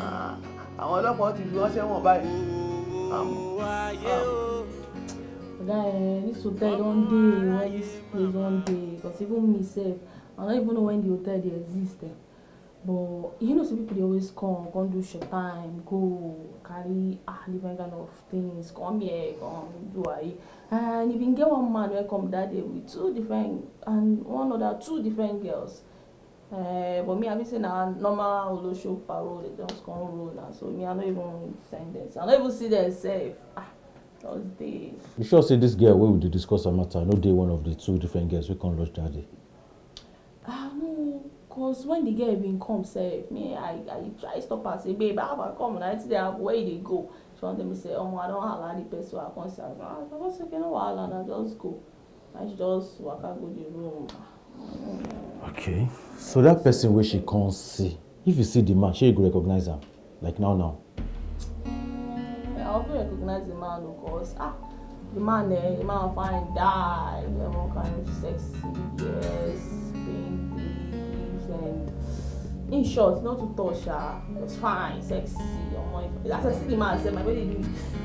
Speaker 5: àwọn ọlọ́pàá ti fi wọ́n sẹ́wọ̀n báyìí.
Speaker 6: Oga eh, this hotel don dey, why this place don dey? even me I no even know when the hotel dey exist. But you know, some people they always come, come do short time, go carry ah different kind of things, come here, come do I. And you been get one man wey come that day with two different and one other two different girls. Uh, but me, I be say na normal Olosho parole they just come roll na so me I no even send them, I no even see them sef. Ah, just dey.
Speaker 2: You sure say this girl wey we dey discuss her matter no dey one of the two different girls wey come lodge that day?
Speaker 6: cause when the girl bin come sef me i i try stop am say babe how i come na wetin dey happen where you dey go she wan tell me say omo oh, i don hala the person i come see as ah i suppose say okay no wahala na just go na she just waka go the room.
Speaker 2: okay so that person wey she come see if you see the man shey you go recognize am like now now.
Speaker 6: Mm, i go recognize the man o cause ah the man eh the man fine die the man kind of sexy yes pink in short not too tall her it was fine sexy omo if as i see the man sef my body do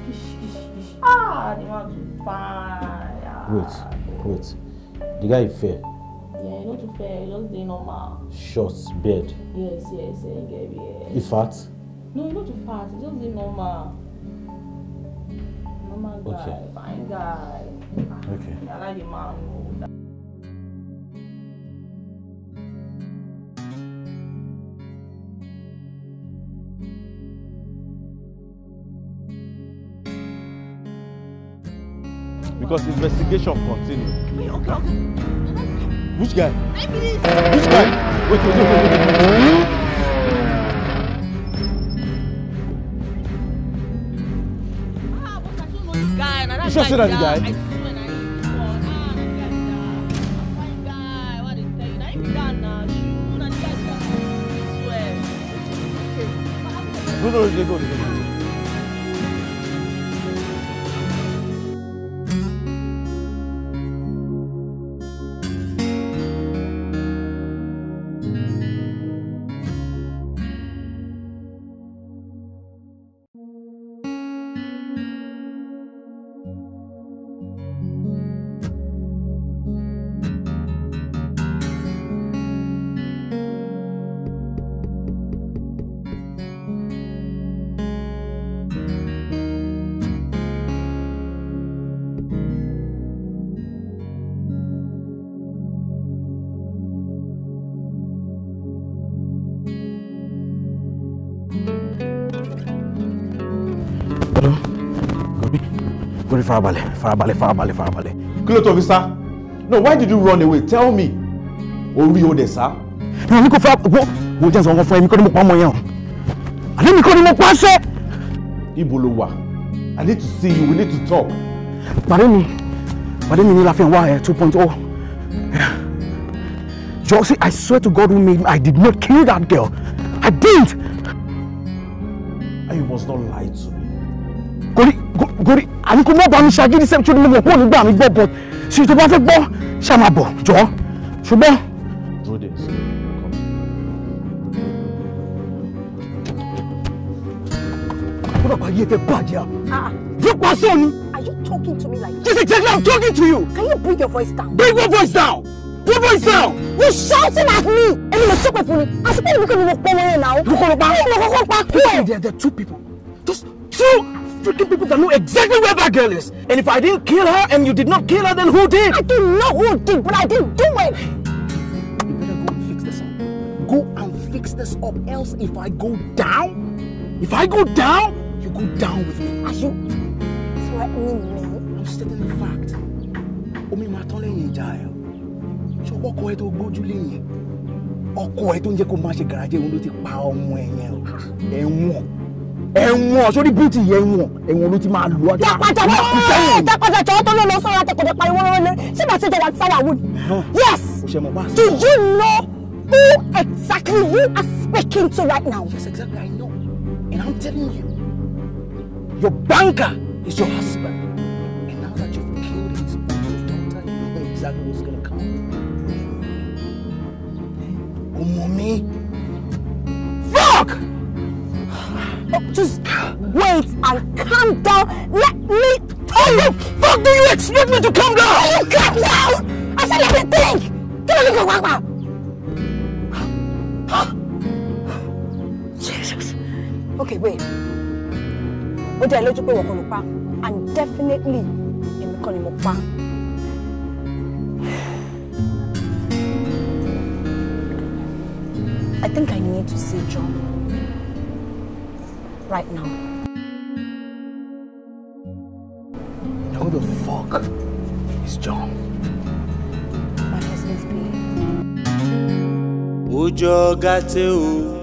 Speaker 6: kish kish kish ah the man too fine
Speaker 1: ah. wait wait the guy fair.
Speaker 6: yeah not too fair he just dey normal.
Speaker 2: short beard.
Speaker 6: yes yes e get beard. he fat. no he no too fat he just dey normal. normal guy okay. fine guy. okay. i like the man o.
Speaker 2: because investigation continue. Which guy? Which guy? Wait, wait, wait, wait. wait.
Speaker 5: Ah, but guy. Now that sure guy, oh, that guy. I Good old, good
Speaker 2: Farabale, Farabale, Farabale, Farabale. kí ló tó fi sá no why did you run away tell me orí o dẹ̀ sá. mi kò fẹ́ wo wo jẹ́ sọ wọn fún ẹ mi kọ́ ni mo pa ọmọ yẹn o àní mi kọ́ ni mo pa ṣẹ́. ibo ló wà i need to see you we need to talk. pàdé mi pàdé mi ní la fi wá ẹ eh, two point oh Josie, i swear to god who made me i did not kill that girl i didn't. and you must not lie to me. gori gori àbí kò mọ̀ bá mi
Speaker 9: ṣàgídí sẹ́mi tó ní mo mọ̀ pé òní gbà mí gbọ́ bọ̀ sí tó bá fẹ́ gbọ́ ṣá máa bọ̀ jọ ṣùgbọ́n.
Speaker 2: kódà bá yé fẹ́ bàjẹ́
Speaker 3: a. fipá sọ ni. Are you talking to me like this? This is exactly I'm talking to you. Can you bring your voice down? Bring your voice down. Your voice down. You shouting at me. Èmi lè sọ́pẹ̀ fún mi. Àti pé èmi kò ní mo pọ́n wọlé náà. Mo kọ́ ló pa. Mo kọ́ ló pa.
Speaker 2: There are two people. Just two freaking people that know exactly where that girl is. And if I didn't kill her and you did not kill her, then who did? I don't know who did, but I didn't do it. You
Speaker 3: better go and fix this up. Go and fix this up, else if I go down, if I go down, you go down with me. Are you threatening me?
Speaker 2: I'm stating the fact. Omi máa tán lẹ́yìn ìjà ẹ̀. Ṣé ọkọ ẹ tó gbójú lẹ́yìn? Ọkọ ẹ tó ń jẹ́ kó máa ṣe gàràjẹ́ òun ti pa ọmọ ẹ̀yẹn ẹ̀wọ̀n ẹ̀wọ̀n sórí bíìtì yẹn ẹ̀wọ̀n ẹ̀wọ̀n ló ti máa lọ. tapata wọ́n
Speaker 3: tapata jọ̀wọ́ tó ló lọ sọ́ra tẹ kò pariwo lórí ṣé màá ti sáyà wò ni. yes do you know who exactly you are speaking to right now. yes exactly I know and I'm telling you your banker is your husband
Speaker 2: and now that you've killed his daughter you know exactly what's gonna come.
Speaker 3: ọmọ mi fuck. Just wait and calm down. Let me think. How the fuck do you expect me to calm down? Will calm down? I said let me think. Get a look at Huh? Jesus. Okay, wait. Ó jẹ́ lójú pé on the park? and definitely èmi kan ni mo pa. I think I need to see John. right now. Who the fuck is John? My husband's babe.
Speaker 1: Ujo gati u,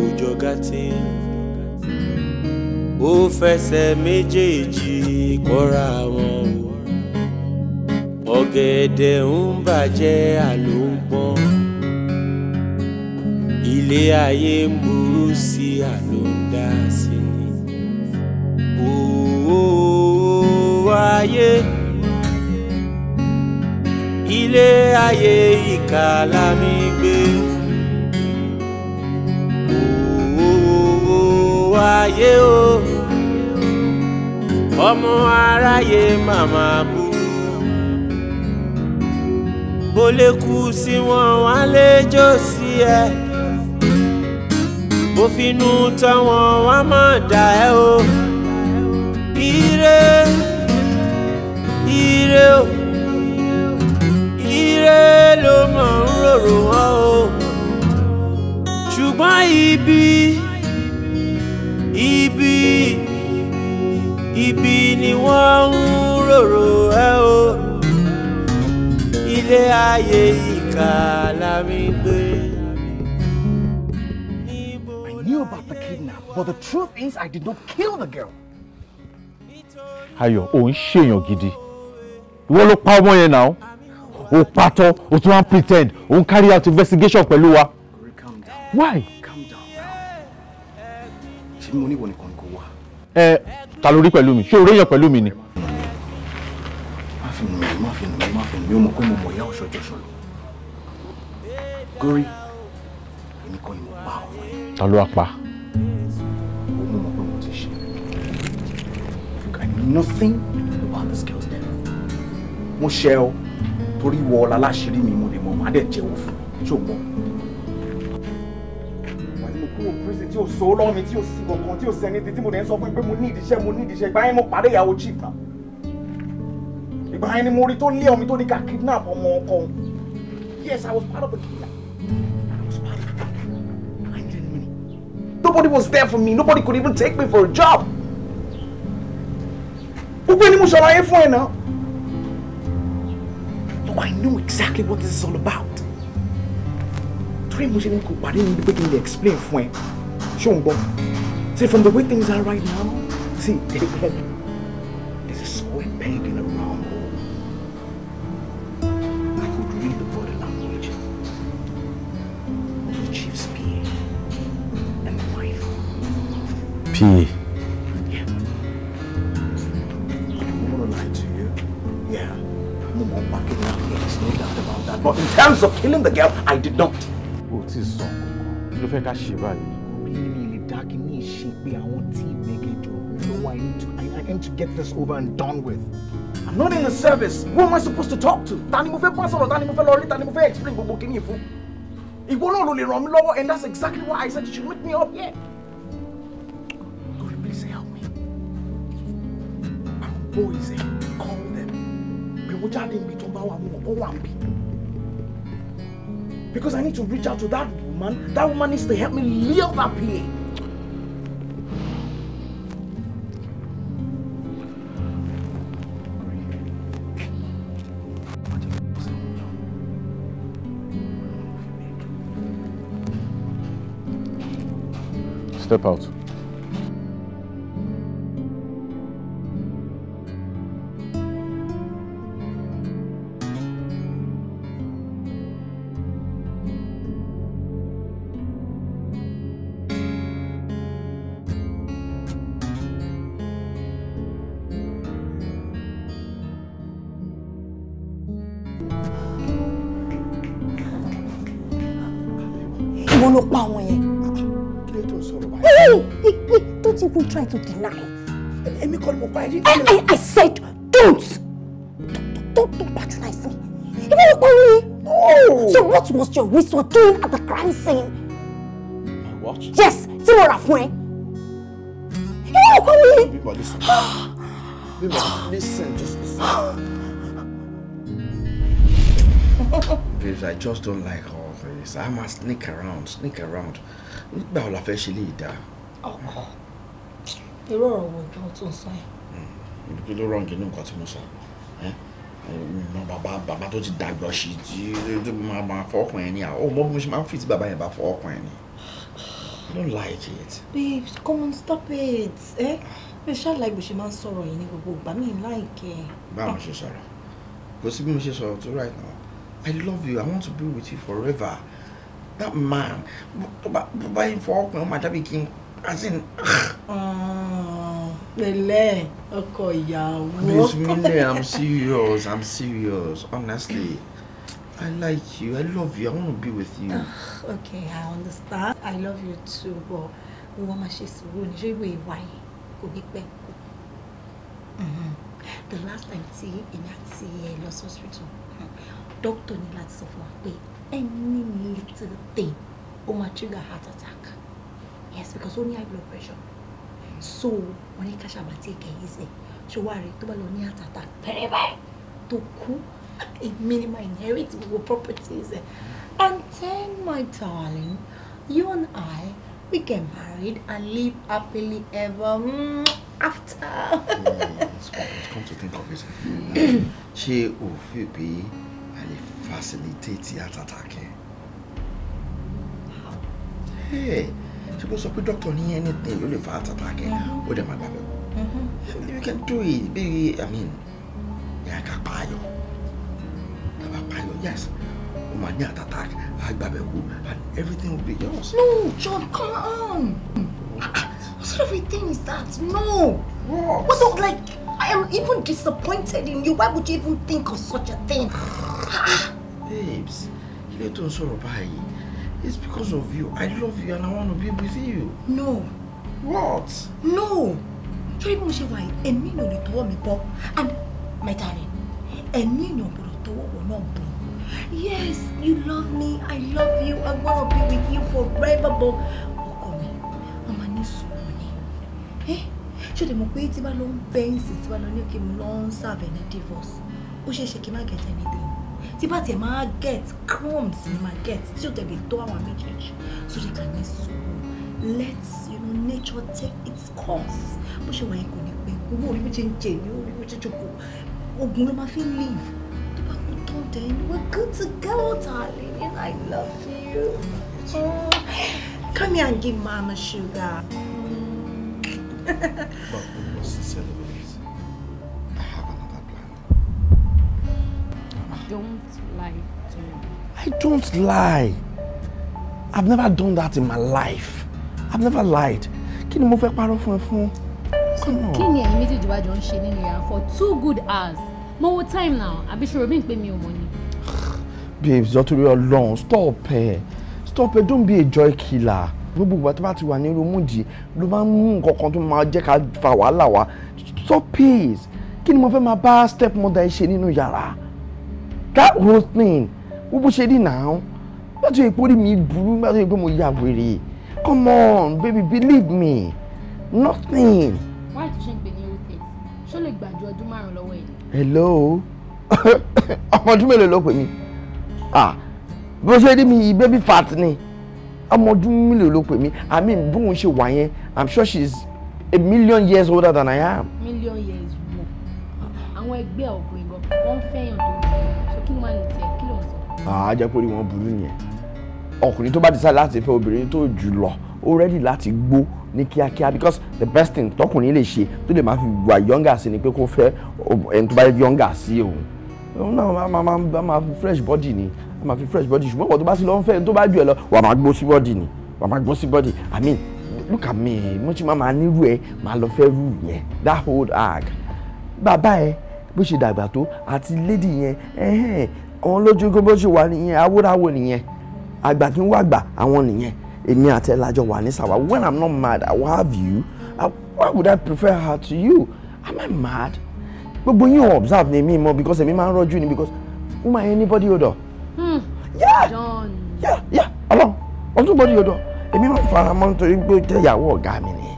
Speaker 1: ujo gati. Ó fẹsẹ̀ méjèèjì kọ́ra wọn o. Ọ̀gẹ̀dẹ̀ ń bàjẹ́ àlò ń pọ́n. Ilé ayé ń burú sí àlò ń ayé ilé ayé ìkà la mi gbé òwò ayé o ọmọ aráyé màmá bú bó lè kú sí wọn wá lè jó sí ẹ bó finú wọn wá mọ̀ dá ẹ o. ire o ire ló mọ̀ ń rorò o ṣùgbọ́n ibi ibi ibi ni wọ́n ń rorò ẹ o ilé ayé ìkà la gbé. I knew about
Speaker 2: the kidnap, but the truth is I did not kill the girl. Ayọ̀, ò ń your giddy ìwọ ló pa ọmọ yẹn náà o patọ o tún wá pretend o ń carry out investigation pẹ̀lú wa why. ṣé mo ní ìwọ nìkan ni kò wá. ẹ ta ló rí pẹ̀lú mi ṣé o réyàn pẹ̀lú mi ni. má fi nù mí má fi nù mí má fi nù mí o mọ̀ pé mo mọ̀ ìyá ọ̀ṣọ́jọ́ ṣọlọ. gorí èmi kọ́ ta ló wá pa. nothing mo ṣe ọ torí wọ ọ láláṣírí mi mo lè mọ màá dẹ̀ jẹ́wọ́ fún mi tí o mọ. wà ní mo kúrò prison tí o so ó lọ́mi tí o sì kankan tí o sẹ́ni tí mo dẹ̀ ń sọ fún pé mo ní ìdíṣẹ́ mo ní ìdíṣẹ́ ìgbà yẹn mo pàdé ìyàwó chief náà ìgbà yẹn ni mo rí tó lé ọmọ tó ní ká kidnap ọmọ ọkọ òun yes I was part of the killer I was part of the killer I needed nobody was there for me nobody could even take me for a job gbogbo ẹni mo ṣàlàyé fún ẹ náà. I know exactly what this is all about. Torí mo ṣe ní kò pàdé mi explain fún ẹ. Ṣé See from the way things are right now, see, there's a square peg in I could read the language
Speaker 1: the chief's and the wife.
Speaker 2: accused of killing the girl. I did not. O ti sọ nǹkan. Kí I need to I need to get this over and done with.
Speaker 8: I'm not in the service.
Speaker 2: Who am I supposed to talk to? Ta ni mo fẹ́ bá sọ̀rọ̀? Ta ni mo fẹ́ lọ rí? explain what kìíní you Ìwọ náà ló lè ràn mí lọ́wọ́ and that's exactly why I said you should meet me up here. Lord, please help me. Àwọn boys eh, call them. Bí wọ́n jáde níbi Because I need to reach out to that woman. That woman needs to help me live that here.
Speaker 7: Step out.
Speaker 3: night. Let me call Mokwaji. I, I, I said, don't! Don't, don't patronize me. You won't call me. No! So what was your reason doing at the crime scene? My watch? Yes, Timora Fuen. You Even not call me. Bimba, listen. Bimba, listen,
Speaker 4: just listen. Please, I just don't like all this. I must sneak around, sneak around. Nígbà wo la fẹ́ ṣe Oh, oh.
Speaker 3: irú ọ̀rọ̀ wo tó tó sọ ẹ̀.
Speaker 4: Hmm, kí ló rọrùn nínú nǹkan tí mo sọ bàbá bàbá tó ti dàgbà sí tí máa máa fọkàn ẹ ní à ó mọ máa ń fi tí bàbá yẹn bá fọkàn ẹ ní. I don't like it.
Speaker 3: babe come on stop it. Eh? mi ṣáà láì bó ṣe máa ń sọ̀rọ̀ yìí ní gbogbo ìgbà mi láìkẹ́ ẹ̀. báwo
Speaker 4: ṣe sọ̀rọ̀ kò sí bí mo ṣe sọ̀rọ̀ tó right now i love you i want to be with you forever that man bó bá yín fọwọ́ pé ó máa dábìí kí n
Speaker 3: as in pẹ̀lẹ́ ọkọ ìyàwó. miss
Speaker 4: winnie i'm serious i'm serious honestly i like you i love you i wanna be with you.
Speaker 3: Uh, okay i understand i love you too but mo wá máa ṣe sùúrù ní ṣé ìwé ìwà yẹn kò ní pẹ́ kú. Mm-hmm. the last time tí èmi àti ẹ lọ sí hospital doctor ní láti sọ fún wa pé any little thing ó máa trigger heart attack yes because ó ní high blood pressure so wọn ní káṣá bá tiẹ̀ kẹ́yìn sí ṣé wàá rí tó bá lọ ní àtàtà pẹ̀rẹ̀ báyìí tó kú èmi ni my inherit gbogbo properties ẹ̀ and then my darling you and I we get married and live happily ever mm, after. yeah, it's, it's
Speaker 4: come to think of it ṣé òfin pé a lè facilitate àtàtà kẹ́. Hey ṣé kò sọ pé dókítà ní anything ló lè fa heart attack ẹ mm-hmm. ó dẹ̀ máa gbàgbẹ́ wò
Speaker 7: mm-hmm.
Speaker 4: you can do it bí i mean yà ká pààyàn tàbá pààyàn yes ó máa ní heart attack á gbàgbẹ́ wò and everything will be
Speaker 3: yours. no John come on what sort of a thing is that no what, what of like I am even disappointed in you why would you even think of such a thing. babes
Speaker 4: ilé tó ń sọ̀rọ̀ báyìí. It's because of you. I love you and I want to be with you.
Speaker 3: No. What? No. Ṣé mo ṣe wà yìí? Ẹ̀mí ni ò lè And my darling, ẹ̀mí ni ò gbọ́dọ̀ tọwọ́ Yes, you love me, I love you, I want to be with you forever, but ọkọ mi, wọ́n máa ní sùúrù ni. Eh? Ṣé o lè mọ̀ pé tí bá lọ ń bẹ́ǹsì tí bá lọ divorce? Ó ṣeé ṣe kí n get anything tí bá tiẹ̀ máa get crumbs ni máa get tí yóò tẹ̀lé tó àwọn méjèèjì so they can get sùúrù let you know, nature take its course bó ṣe wà yẹn kò ní pẹ́ owó orí méjì ń jẹ ní orí méjì jòkó oògùn ló máa fi leave tó bá kú tó dẹ̀ we're good to go darling and I love you. Oh, come here and give mama sugar.
Speaker 8: Don't lie to me.
Speaker 4: I don't lie. I've never done that in my life. I've never lied. Kí ni mo fẹ́ parọ́ fún ẹ fún?
Speaker 8: Kí ni ẹ̀yin méjèèjì wá jọ ń ṣe nínú yàrá for two good hours? More time now, àbí ṣòro mi ń pè mí ò mọ̀ ni.
Speaker 4: Babes, jọ torí Ọlọ́run, stop ẹ̀. Stop it. don't be a joy killer. Gbogbo ìgbà tó bá ti wà ní irú mújì ló máa ń mú nǹkan kan tó máa jẹ́ ká fa wàhálà wa. Stop it. Kí ni mo fẹ́ máa bá step mother ẹ ṣe nínú yàrá? that whole thing wo bó ṣe rí now gbàtò èpo rí mi burú gbàtò èpo mo ya wèrè come on baby believe me nothing.
Speaker 8: why tó ṣe ń pè ní irúfẹ́ ṣó lè gbàjú ọdún márùn-ún lọ́wọ́ ẹ̀.
Speaker 4: hello ọmọ ọdún mélòó ló pè mí ah bó ṣe rí mi baby fat ni ọmọ ọdún mélòó ló pè mí i mean bóun ṣe wà yẹn i'm sure she's a million years older than i am.
Speaker 8: million years wo àwọn ẹgbẹ́ ọ̀gbìn gan wọ́n ń fẹ́yàn tó ń bọ̀ kí ló máa ní tiẹ̀ kí ló ń
Speaker 4: sọ. àá jẹ́ pé orí wọn burú nìyẹn ọkùnrin tó bá decide láti fẹ́ obìnrin tó jù lọ ó ready láti gbó ní kíákíá because the best thing tọkùnrin lè ṣe tó lè máa fi wà yọ́ngà sí ni pé kó fẹ́ ẹni tó bá yọ́ngà sí òun òun náà máa máa fi fresh body ni máa fi fresh body ṣùgbọ́n ìwọ tó bá sí lọ́n fẹ́ ẹni tó bá jù ẹ lọ wà máa gbó sí body ni wà á máa gbó sí body i mean look at me mo ti máa máa nírú ẹ máa lọ fẹ́ rú yẹn that old hag bàbá ẹ bó ṣe dàgbà tó àti lady yẹn àwọn lójú gbogbo ṣe wà nìyẹn awúráwò nìyẹn àgbà tí ń wá àgbà àwọn nìyẹn èmi àti ẹ lájọ wà ní sàwà when i'm not mad i will have you why would i prefer her to you am i mad gbogbo yín ò observe ní èmi mọ because èmi máa ń rọjú ni because who my anybody odò.
Speaker 7: Hmm. yeah
Speaker 8: yeah
Speaker 4: yeah ọlọ́run ọdún bọ́dí odò èmi máa ń fara mọ́ nítorí pé ó jẹ́ ìyàwó ọ̀gá mi ni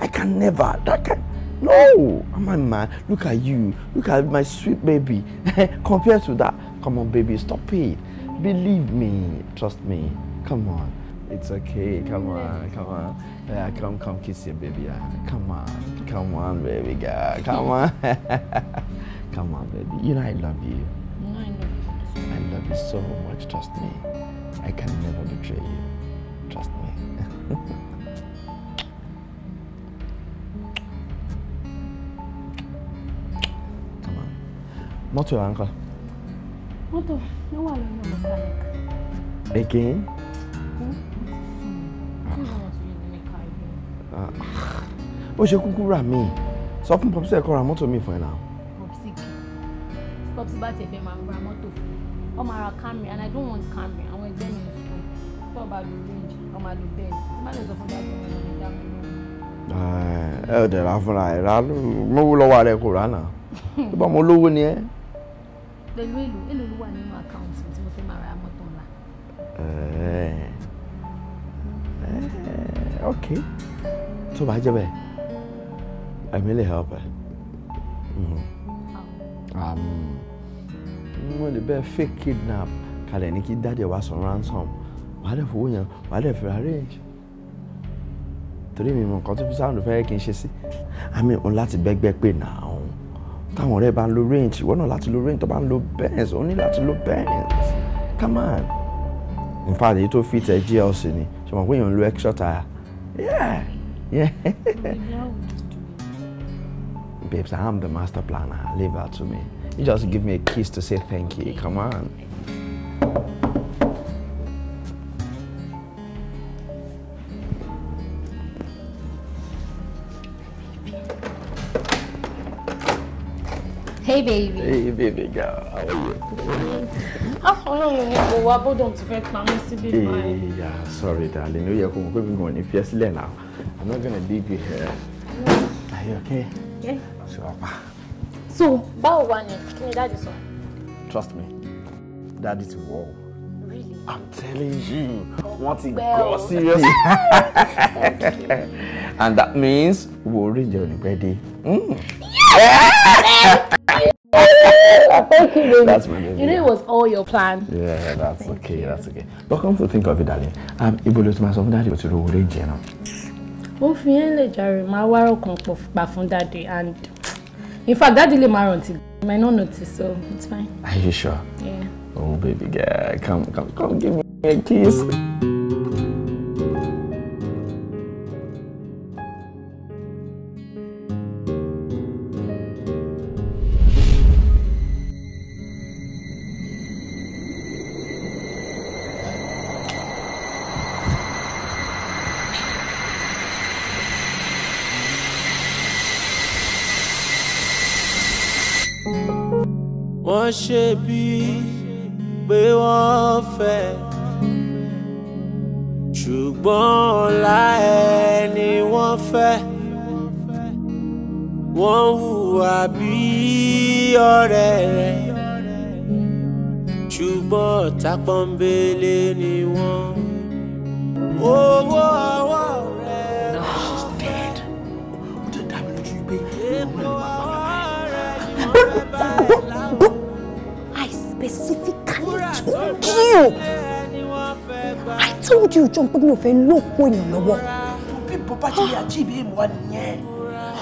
Speaker 4: i can never that can No, I'm a man. Look at you. Look at my sweet baby. Compared to that, come on, baby, stop it. Believe me. Trust me. Come on. It's okay. Come on. Come on. Yeah, come, come, kiss your baby. Yeah. Come on. Come on, baby girl. Come on. come on, baby. You know I love you. No, I know. I love you so much. Trust me. I can never betray you. Trust me. mọ́tò là ń kà.
Speaker 8: mọ́tò ló wà lọ́wọ́
Speaker 4: mechanic. again. ó ṣe kúkú rà mí sọ fún popsi ẹ̀kọ́ ra mọ́tò mi fún ẹ náà.
Speaker 8: popsi kì í popsi bá tiẹ̀ fẹ́ máa ra mọ́tò fún mi ó máa ra camry and i don't want camry I want mi ń sọ tó ọba lu range ọmọ àlù bẹ́ẹ̀ tí má lè sọ fún dájú ọmọ mi dá mi lóhùn.
Speaker 4: ẹ ẹ dẹ̀ ra fúnra ẹ̀ ra lówó lọ́wọ́ rẹ kò rà náà tó bá mo lówó ni ẹ́
Speaker 8: pẹ̀lú èlò èlò ló wà nínú àkáǹtì tí mo fẹ́ máa ra mọ́tò ńlá.
Speaker 4: Eh, eh, ok tó bá jẹ́ bẹ́ẹ̀ èmi lè help ẹ. mo lè bẹ́ẹ̀ fake kidnap kalẹ̀ ní kí dáàdì wa sọ ransom wàá dẹ̀ fowó yẹn wàá dẹ̀ fi arrange torí mi mọ nǹkan tó fi sáwọn fẹ́ kí n ṣe sí àmì òun láti bẹ́gbẹ́ pè náà òun táwọn ọ̀rẹ́ bá ń lo range ìwọ náà láti lo range tó bá ń lo benz ó ní láti lo benz come on in fact èyí tó fit ẹ GLC ni ṣe mọ̀ pé èèyàn ń lo extra tire yeah yeah. babes I am the master planner leave that to me you just give me a kiss to say thank you come on.
Speaker 8: Hey baby. Hey
Speaker 4: baby girl, how are you?
Speaker 8: Afọlọ́run ah, ni mo wá bọ́dọ̀ ti fẹ́
Speaker 4: Yeah, sorry darling, No, you kó mo pé mi gan ni now, I'm not gonna leave you here. Are you okay? Yeah. So, Papa.
Speaker 8: So, báwo wà ni? Kí ni dáàdi
Speaker 4: Trust me, Daddy's ti Really? I'm telling you, wọ́n ti gbọ́ serious. And that means we'll orí ìjẹun ìpẹ́ dé. Hmm. Yeah! Thank you, baby. That's my baby. You know
Speaker 8: it was all your plan.
Speaker 4: Yeah, that's Thank okay. You. That's okay. But come to think of it, darling, um, ibo ló ti máa sọ fún dáàdì ó ti rówó rẹ̀ jẹ náà.
Speaker 8: Ó fi yẹn lè jàre máa wárò kan pọ̀ pa fún dáàdì and in fact dáàdì lè máa rántí. You not notice, so it's fine. Are you sure? Yeah.
Speaker 4: Oh, baby girl, come, come, come, give me a kiss. Mm -hmm.
Speaker 1: wọ́n ṣe bí pé wọ́n fẹ́ ṣùgbọ́n ọ̀la ẹni wọ́n fẹ́ wọ́n hùwà bí ọ̀rẹ́ rẹ̀ ṣùgbọ́n ọ̀tá pọ́nbélé ni wọ́n. Oh,
Speaker 3: you. I told you John pé mi ò fẹ́ lóko èèyàn lọ́wọ́. bí bàbá ṣe lè achieve
Speaker 4: aim wa nìyẹn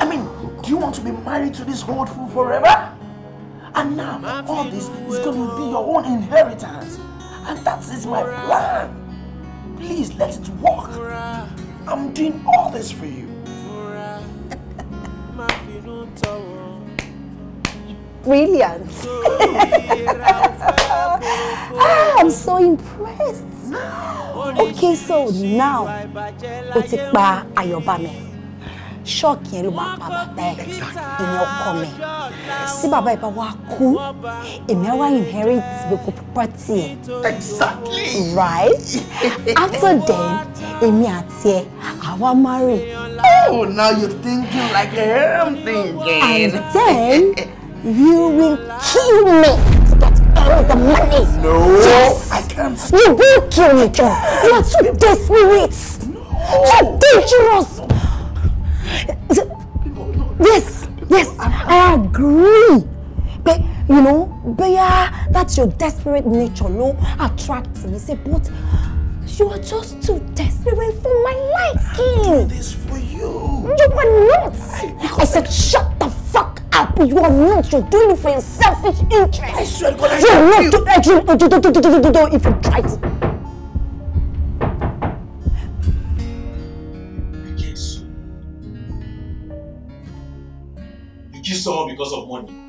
Speaker 4: I mean do you want to be married to this old fool forever? And now all this is gonna be your own inheritance and that is my plan.
Speaker 1: Please let it work. I'm doing all this for you.
Speaker 3: brilliant. ah, I'm so
Speaker 1: impressed.
Speaker 3: Okay, so now o ti pa Ayọ̀bámi. Ṣọ́ọ̀kì yẹn ló máa pa bàbá ẹ̀, ìyẹn ọkọ mi. Tí bàbá ẹ̀ bá wá kú, èmi inherit the property Exactly. Right? After then, èmi àti I wa marry. Oh, now you're thinking like I am thinking. And then. You will
Speaker 4: kill me to get all the money. No, yes. I can't. You will
Speaker 3: kill me, Joe. You are too desperate. No. Too dangerous. Yes, yes, I agree. But, you know, but yeah, that's your desperate nature, no? Attracts me, say, but you are just too desperate for my liking. I do this for you. You are not. I, I said, shut you are not. You're doing it for your selfish interest. I swear to God, I You're not. You. Do, not do, do, do, do, do, not do, do, if you try to.
Speaker 2: Yes. You kill someone because of money.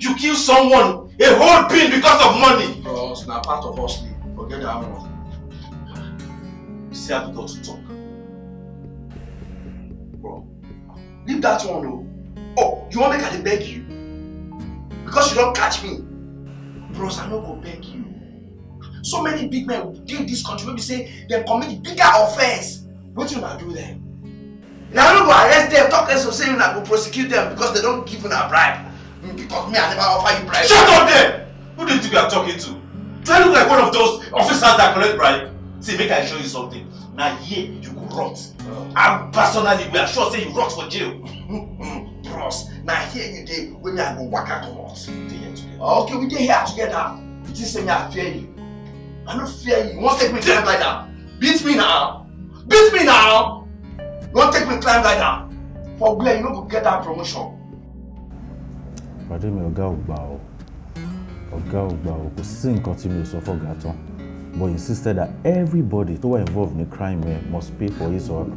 Speaker 2: You kill someone, a whole being because of money.
Speaker 4: Because now part of us, forget that one. You see how we to talk. Bro, leave that one though. Oh, you want me to beg you? Because you don't catch me. Bros, I no go beg you. So many big men dey this country Maybe say dem commit bigger offence. Wetin una do dem?
Speaker 5: na no go arrest
Speaker 4: them, talk so saying una go prosecute them because they don't give a bribe mm, because me
Speaker 8: i never
Speaker 5: offer you bribe. shut up there who do you think you are talking to do i look like one of those officers that collect bribe see make i show you something Now here you go rot oh. and
Speaker 4: personally we are sure say you rot for jail. cross. Now here you day when you go work out Okay, we did here together. It is saying I fear you. I don't fear you. You won't take me climb like that. Beat me now. Beat me now. You won't take me climb like that. For where you don't get that promotion.
Speaker 2: Pàdé mi ọ̀gá ò o. ọ́. Ọ̀gá ò gbà ọ́. Kò sí nǹkan tí mi ò sọ fọ́gá tán. But insisted that everybody tó wà involved in the crime eh, must pay for his or her.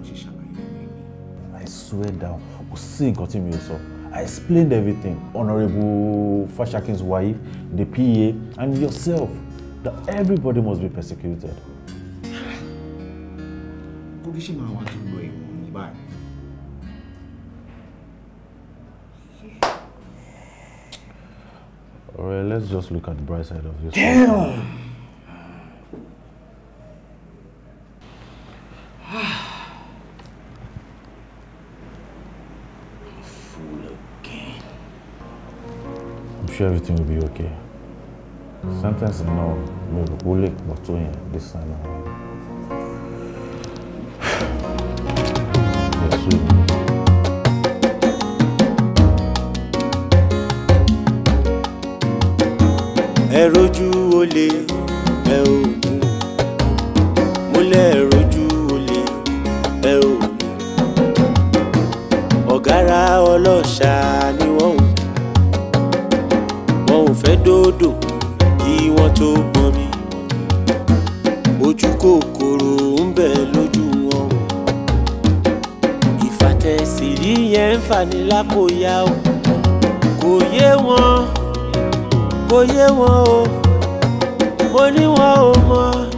Speaker 2: I swear down kò sí nǹkan tí mi ò sọ I explained everything honourable Fashakin's wife the PA and yourself that everybody must be persecuted. kókí ṣì máa wá tó lọ ìwọ̀n ní báyìí. Alright, let's just look at the bright side of this. Damn! sure everything will be okay. Sometimes you know, ò rò pé ó lè pọ̀ this time around.
Speaker 1: ẹ rojú olè ẹ òògùn mo lẹ rojú olè ẹ òògùn ọ̀gára ọlọ́ṣà ni wọ́n dòdò kí wọ́n tó gbọ́n mi ojú kòkòrò ń bẹ lójú wọn ìfàtẹ̀sírí yẹn ń fani lápò ya o kò yé wọn kò yé wọn o mo ní wọn ò mọ̀.